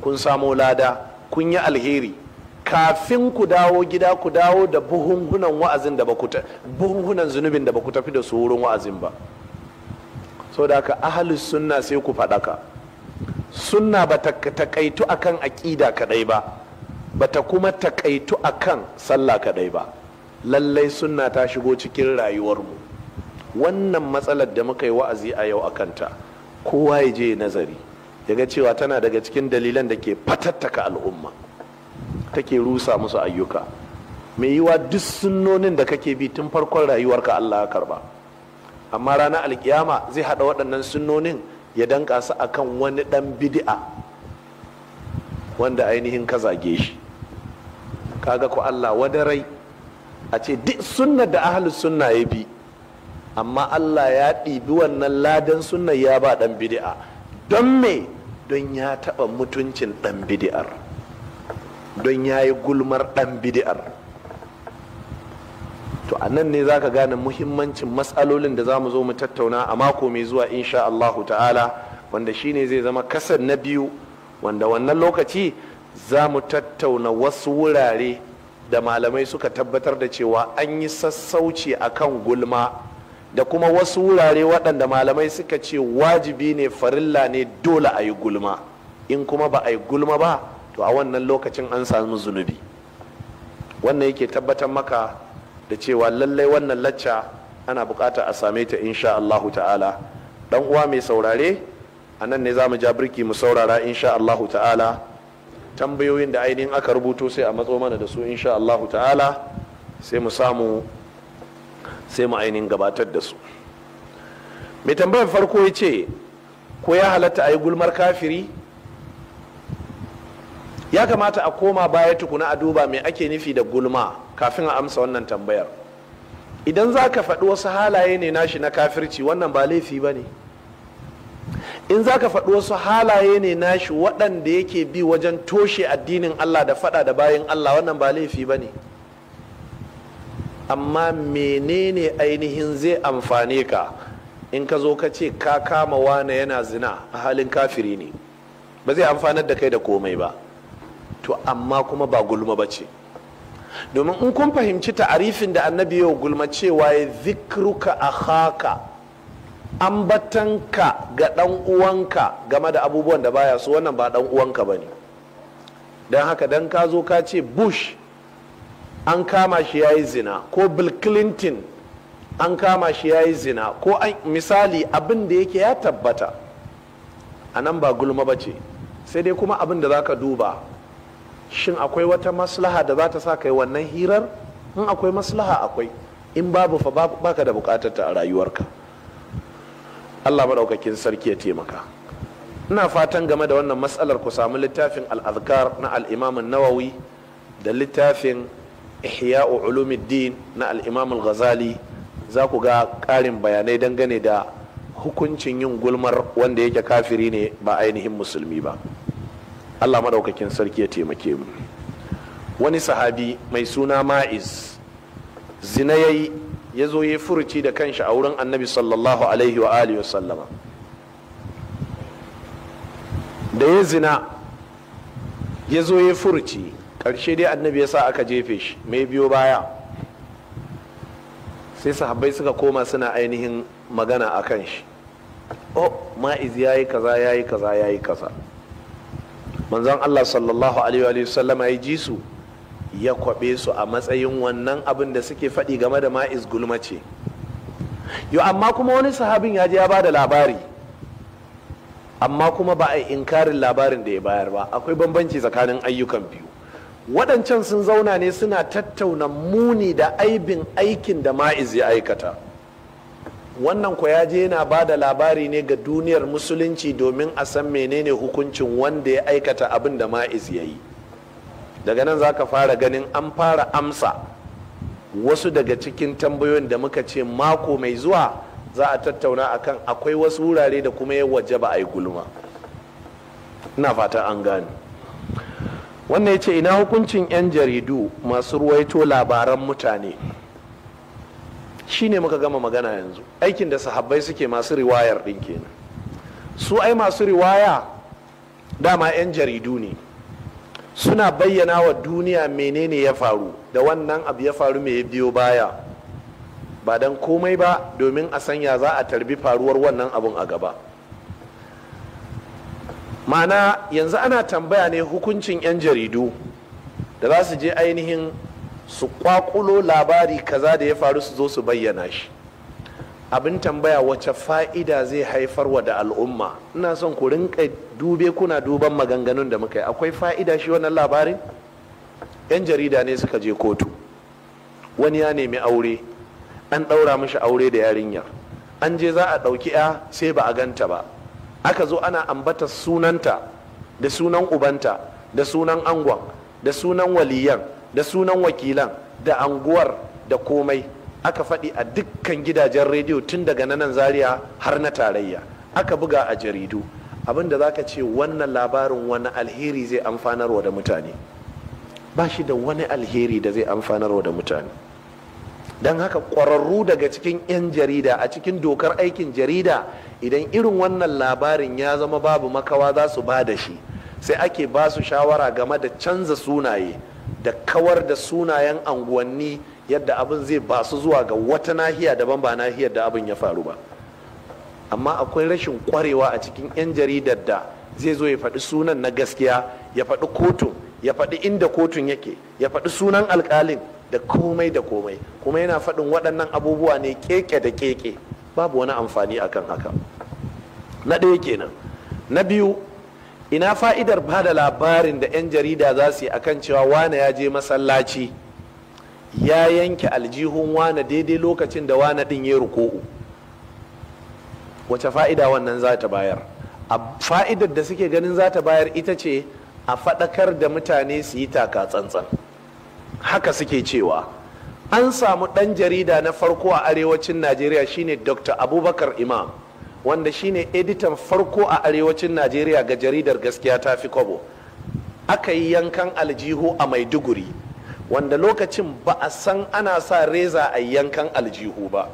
kun samo lada kun yi alheri kafin ku dawo gida ku dawo da buhunhunan wa'azin da bakuta buhunhunan zunubin da baku tafi da su wurin wa'azin ba da aka ahalus sunna sai ku faɗaka sunna ba ta takaitu akan aƙida kaɗai ba bata kuma takaitu a kan sallah kaɗai ba lallai sunna ta shigo cikin rayuwarmu wannan matsalar da muka yi wa'azi a yau a kanta, kowa ya je nazari ga cewa tana daga cikin dalilan da ke fatattaka al'umma take rusa musu ayyuka mai yiwa duk sunnonin da kake bi tun farkon rayuwarka Allah ya karba amma ranar alkiyama zai hada waɗannan sunnonin ya danka su akan wani ɗan bidi'a wanda ainihin ka zage shi kaga ku Allah rai a ce duk sunna da ahli sunna ya bi amma Allah ya ɗibi wannan ladan sunna ya ba ɗan bidi'a. don me don ya taɓa mutuncin ɗan bid'ar don ya yi gulmar ɗan bidi'ar? to a nan ne za ka gane muhimmancin matsalolin da za mu zo mu tattauna a mako mai zuwa insha Allahu ta'ala wanda shine zai zama kasar na biyu wanda wannan lokaci za mu tattauna wasu wurare da malamai suka tabbatar da cewa an yi sassauci a kan gulma da kuma wasu wurare waɗanda malamai suka ce wajibi ne farilla ne dole a yi gulma in kuma ba a yi gulma ba to a wannan lokacin an samu zunubi wannan yake tabbatar maka da cewa lallai wannan lacca ana bukata a same ta insha Allahu ta'ala dan uwa mai saurare a nan ne za mu ja birki mu saurara insha Allahu ta'ala tambayoyin da ainihin aka rubuto sai a matso mana da su insha Allah ta'ala sai mu samu sai mu ainihin gabatar da su mai tambayar farko ya ce ko ya halatta a yi gulmar kafiri ya kamata a koma baya tukuna a duba mai ake nufi da gulma kafin a amsa wannan tambayar idan za ka faɗi wasu halaye ne nashi na kafirci wannan ba laifi ba ne in za ka faɗi wasu halaye ne nashi waɗanda yake bi wajen toshe addinin Allah da faɗa da bayan Allah wannan ba laifi ba ne amma menene ainihin zai amfane ka in ka zo ka ce ka kama wane yana zina a halin kafiri ne ba zai amfanar da kai da komai ba to amma kuma ba gulma ba ce domin in kun fahimci ta'arifin da annabi yau gulma cewa ya zikruka a haka ambatanka ga dan uwanka game da abubuwan da baya su wannan ba dan uwanka ba ne don haka dan ka zo ka ce bush an kama shi ya yi zina ko bill clinton an kama shi ya yi zina ko misali abin da yake ya tabbata a nan ba gulma bace sai dai kuma abin da zaka duba shin akwai wata maslaha da za ta sa kai wannan hirar in akwai maslaha akwai in babu fa baka da bukatar ta a rayuwarka Allah maɗaukakin sarki ya taimaka ina fatan game da wannan matsalar ku samu littafin al na al nawawi da littafin ihya'u ulumuddin na al-imam al-ghazali za ku ga ƙarin bayanai dangane da hukuncin yin gulmar wanda yake kafiri ne ba ainihin musulmi ba Allah maɗaukakin sarki ya taimake mu wani sahabi mai suna ma'iz zina yayi ya zo ya furuci da kanshi a wurin annabi sallallahu alaihi wa alihi sallama da ya zina ya zo ya furuci ƙarshe dai annabi ya sa aka jefe shi mai biyo baya sai sahabbai suka koma suna ainihin magana a kan shi oh ma'iz ya yi kaza ya yi kaza ya yi kaza manzan allah sallallahu alaihi wa sallama ya ji su ya kwabe su a matsayin wannan abin da suke faɗi game da ma'iz gulma ce yo amma kuma wani sahabin ya je ya ba da labari amma kuma ba a inkarin labarin da ya bayar ba akwai bambanci tsakanin ayyukan biyu waɗancan sun zauna ne suna tattauna muni da aibin aikin da ma'iz ya aikata wannan ko ya je yana ba da labari ne ga duniyar musulunci domin a san menene hukuncin wanda ya aikata abin da ma'iz ya yi daga nan za ka fara ganin an fara amsa wasu daga cikin tambayoyin da muka ce mako mai zuwa za a tattauna akan akwai wasu wurare da kuma ya waje ba a yi gulma ina fatan an gane wannan ya ce ina hukuncin 'yan jaridu masu ruwaito labaran mutane shi muka gama magana yanzu aikin da sahabbai suke masu riwayar ɗin kenan su ai masu riwaya dama 'yan jaridu ne suna bayyana wa duniya menene ya faru da wannan abu ya faru mai biyo baya ba don komai ba domin a sanya za a tarbi faruwar wannan abun a gaba Ma'ana yanzu ana tambaya ne hukuncin 'yan jaridu da za su je ainihin su kwakulo labari kaza da ya faru su zo su bayyana shi abin tambaya wace fa'ida zai haifar wa da al'umma ina son ku rinka dube kuna duban maganganun da muka yi akwai fa'ida shi wannan labarin yan jarida ne suka je kotu wani ya nemi aure an ɗaura mashi aure da yarinyar an je za a ɗauki ya sai ba a ganta ba aka zo ana ambata sunanta da sunan ubanta da sunan angon da sunan waliyan da sunan wakilan da anguwar da komai aka faɗi a dukkan gidajen rediyo tun daga nanan Zariya har na tarayya aka buga a jaridu abinda za ka ce wannan labarin wani alheri zai amfanarwa da mutane ba shi da wani alheri da zai amfanarwa da mutane don haka ƙwararru daga cikin 'yan jarida a cikin dokar aikin jarida idan irin wannan labarin ya zama babu makawa za su ba da shi sai ake ba su shawara game da canza sunaye da kawar da sunayen anguwanni yadda abin zai ba su zuwa ga wata nahiya daban ba nahiyar da abin ya faru ba amma akwai rashin kwarewa a cikin 'yan jaridar da zai zo ya faɗi sunan na gaskiya ya faɗi kotun ya faɗi inda kotun yake ya faɗi sunan alƙalin da komai da komai kuma yana faɗin waɗannan abubuwa ne keke da keke babu wani amfani akan haka na ɗaya kenan na biyu ina fa'idar ba da labarin da 'yan jarida za su yi akan cewa wane ya je masallaci ya yanke aljihun wana daidai lokacin da wana ɗin ya ruku'u wace fa'ida wannan za ta bayar a fa'idar da suke ganin za ta bayar ita ce a faɗakar da mutane su yi taka tsantsan haka suke cewa an samu ɗan jarida na farko a arewacin najeriya shine dr abubakar imam wanda shine editan farko a arewacin najeriya ga jaridar gaskiya ta fi kobo aka yi yankan aljihu a maiduguri wanda lokacin ba a san ana sa reza a yankan aljihu ba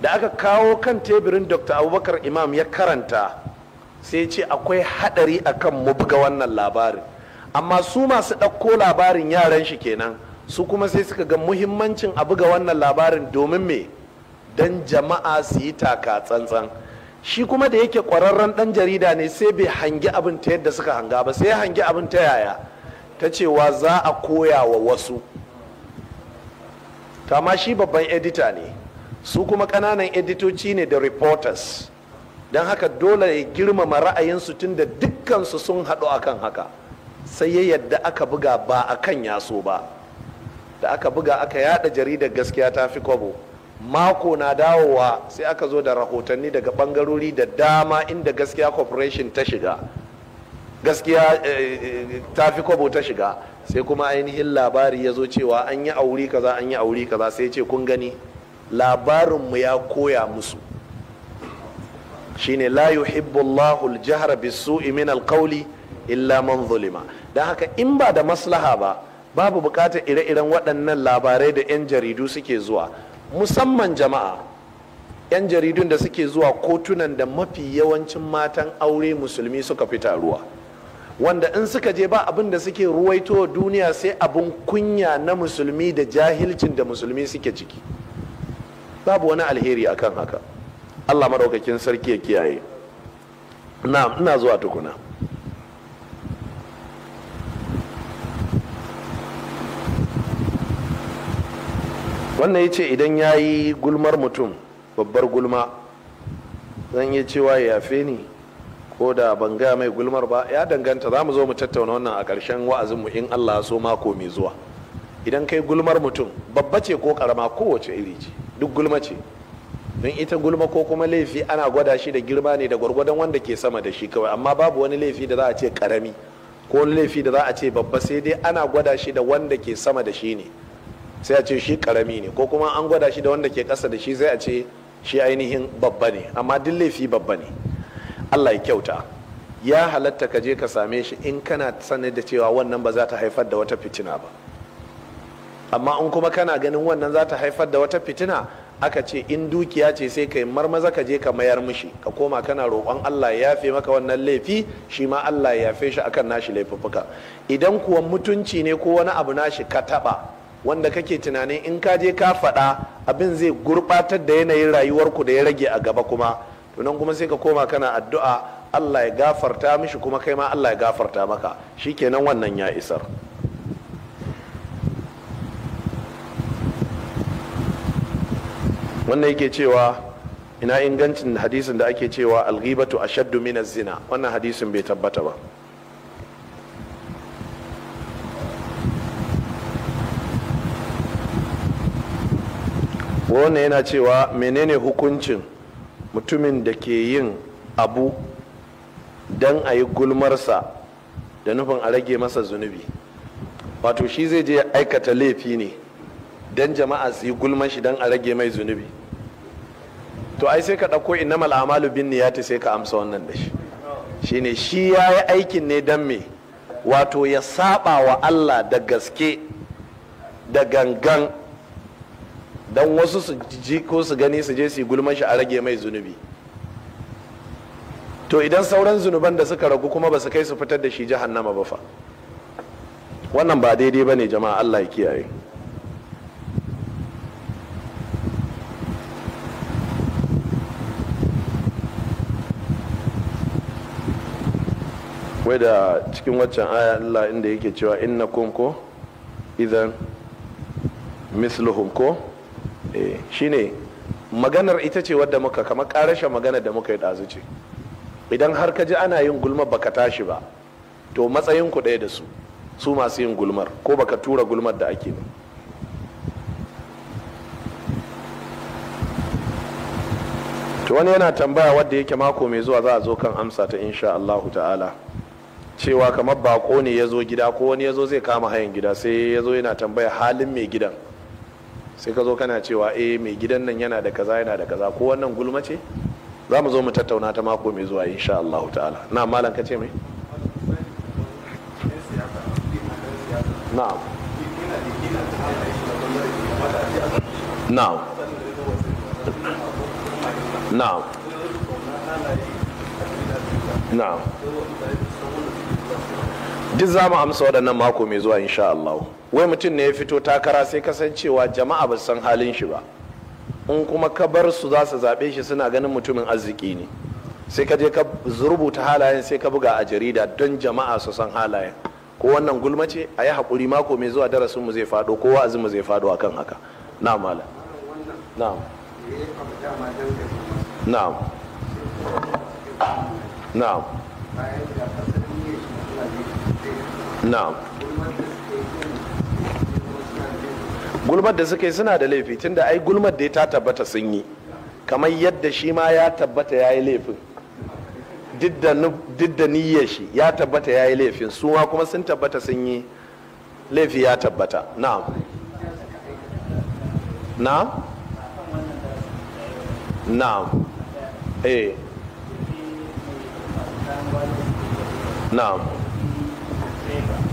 da aka kawo kan teburin dr abubakar imam ya karanta sai ce akwai hadari akan mu buga wannan labarin amma su masu ɗauko labarin yaran shi kenan su kuma sai suka ga muhimmancin a buga wannan labarin domin me don jama'a su yi taka tsantsan shi kuma da yake ƙwararren ɗan jarida ne sai bai hangi abin ta yadda suka hanga ba sai ya hangi abin ta yaya ta cewa za a koya wa wasu ma shi babban edita ne su kuma kananan editoci ne da reporters don haka dole ya girmama ra'ayinsu tun da dukkansu sun haɗu akan haka sai ya yadda aka buga ba a kan yaso ba da aka buga aka yada jaridar gaskiya ta fi kwabo mako na dawowa sai aka zo da rahotanni daga bangarori da dama inda gaskiya corporation ta shiga gaskiya eh, ta fi kwabo ta shiga sai kuma ainihin labari ya zo cewa an yi auri kaza an yi auri kaza sai ce kun gani labarinmu ya koya musu shine la yuhibbu Allahu al min illa man zulima dan haka in ba da maslaha ba babu bukatar ire-iren waɗannan labarai da 'yan jaridu suke zuwa musamman jama'a 'yan jaridun da suke zuwa kotunan da mafi yawancin matan aure musulmi suka fi taruwa wanda in suka je ba abin da suke ruwaito duniya sai abin kunya na musulmi da jahilcin da musulmi suke ciki babu wani alheri akan haka allah maɗaukakin sarki ya kiyaye na ina zuwa tukuna wannan ya ce idan ya yi gulmar mutum babbar gulma zan iya cewa ya yafe ni ko da ban gaya mai gulmar ba ya danganta za mu zo mu tattauna wannan a ƙarshen wa'azinmu in allah so mako mai zuwa idan kai gulmar mutum babba ce ko karama kowace iri ce duk gulma ce don ita gulma ko kuma laifi ana gwada shi da girma ne da gwargwadon wanda ke sama da shi kawai amma babu wani laifi da za a ce karami ko wani laifi da za a ce babba sai dai ana gwada shi da wanda ke sama da shi ne sai a ce shi karami ne ko kuma an gwada shi da wanda ke kasa da shi sai a ce shi ainihin babba ne amma duk laifi babba ne Allah ya kyauta ya halatta ka je ka same shi in kana sanar da cewa wannan ba za ta haifar da wata fitina ba amma in kuma kana ganin wannan za ta haifar da wata fitina aka ce in dukiya ce sai ka yi marmaza ka je ka mayar mishi ka koma kana roƙon Allah ya yafe maka wannan laifi shi ma Allah ya yafe shi akan nashi laifuffuka idan kuwa mutunci ne ko wani abu nashi ka taɓa wanda kake tunanin in ka je ka faɗa abin zai gurɓatar da yanayin rayuwarku da ya rage a gaba kuma to kuma sai ka koma kana addu'a Allah ya gafarta mishi kuma kai ma Allah ya gafarta maka shikenan wannan ya isar wannan yake cewa ina ingancin hadisin da ake cewa alghibatu ashaddu min zina wannan hadisin bai tabbata ba wannan yana cewa menene hukuncin mutumin da ke yin abu don a yi gulmarsa da nufin a rage masa zunubi wato shi zai je aikata laifi ne don jama'a su yi gulmar shi don a rage mai zunubi to ai sai ka ɗauko inna malamalu bin niyati sai ka amsa wannan da shi Shi ne shi ya yi aikin ne don me wato ya saba wa Allah da gaske da gangan don wasu su ji ko su gani su je su gulman shi a rage mai zunubi to idan sauran zunuban da suka ragu kuma ba su kai su fitar da shi jahannama ba fa wannan ba daidai ba ne jama'a allah ya kiyaye wai da cikin waccan aya allah inda yake cewa inna ko idan misluhum ko Eh, shine maganar ita ce wadda muka kama karashen maganar da muka yi ɗazu ce idan har ka ji ana yin gulma baka tashi ba to matsayin ku ɗaya da su su masu yin gulmar ko baka tura gulmar da ake ne to wani yana tambaya wadda yake mako mai zuwa za a zo kan amsa ta insha Allah ta'ala cewa kamar bako ne ya zo gida ko wani ya zo zai kama hayan gida sai ya zo yana tambaya halin mai gidan sai ka zo kana cewa eh mai gidan nan yana da kaza yana da kaza ko wannan gulma ce za mu zo mu tattauna ta mako mai zuwa insha Allah ta'ala na malam ka ce mai na'am na'am na'am na'am duk za mu amsa waɗannan mako mai zuwa insha Allah wai mutum ne ya fito takara sai kasancewa jama'a ba san halin shi ba in kuma ka bar su za su zaɓe shi suna ganin mutumin arziki ne sai ka je ka rubuta halayen sai ka buga a jarida don jama'a su san halayen ko wannan gulma ce a yi haƙuri mako mai zuwa darasin mu zai faɗo ko wa'azin mu zai faɗo akan haka na'am malam na'am na'am na'am na'am gulmar da suka yi suna da laifi tunda ai gulmar da ta tabbata sun yi kamar yadda shi ma ya tabbata ya yi laifin duk da niyyar shi ya tabbata ya yi laifin su ma kuma sun tabbata sun yi laifi ya tabbata na'am na'am na'am eh na'am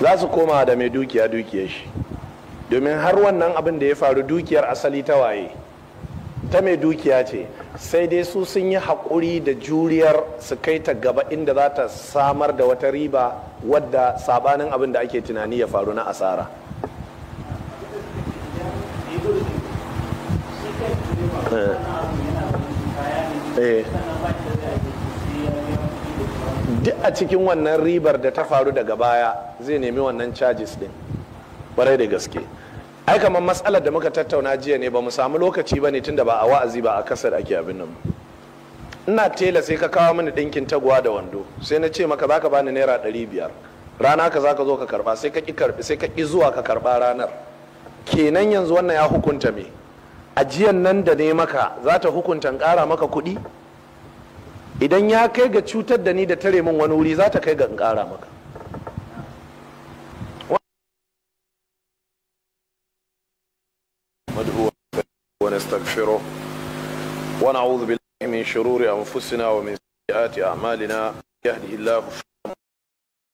za su koma da mai dukiya dukiya shi domin har wannan abin da ya faru dukiyar asali ta waye ta mai dukiya ce sai dai su sun yi haƙuri da juriyar su kai ta gaba inda za ta samar da wata riba wadda sabanin abin da ake tunani ya faru na asara eh. Eh. duk a cikin wannan ribar da ta faru daga baya zai nemi wannan charges din barai da gaske ai kamar matsalar da muka tattauna jiya ne ba mu samu lokaci ba ne tunda ba a wa'azi ba a kasar ake abin nan ina tela sai ka kawo mini ɗinkin taguwa da wando sai na ce maka zaka bani naira ɗari biyar rana ka zaka zo ka karba sai ka ki sai ka ki zuwa ka karba ranar kenan yanzu wannan ya hukunta me ajiyan nan da ne maka za ta hukunta ƙara maka kuɗi Idan ya kai ga cutar da ni da tare min wani wuri, za ta kai ga in kara maka. Wannan abu a madubar kai ne min shuru a mun wa mun siya a malina na ya yi lafiya.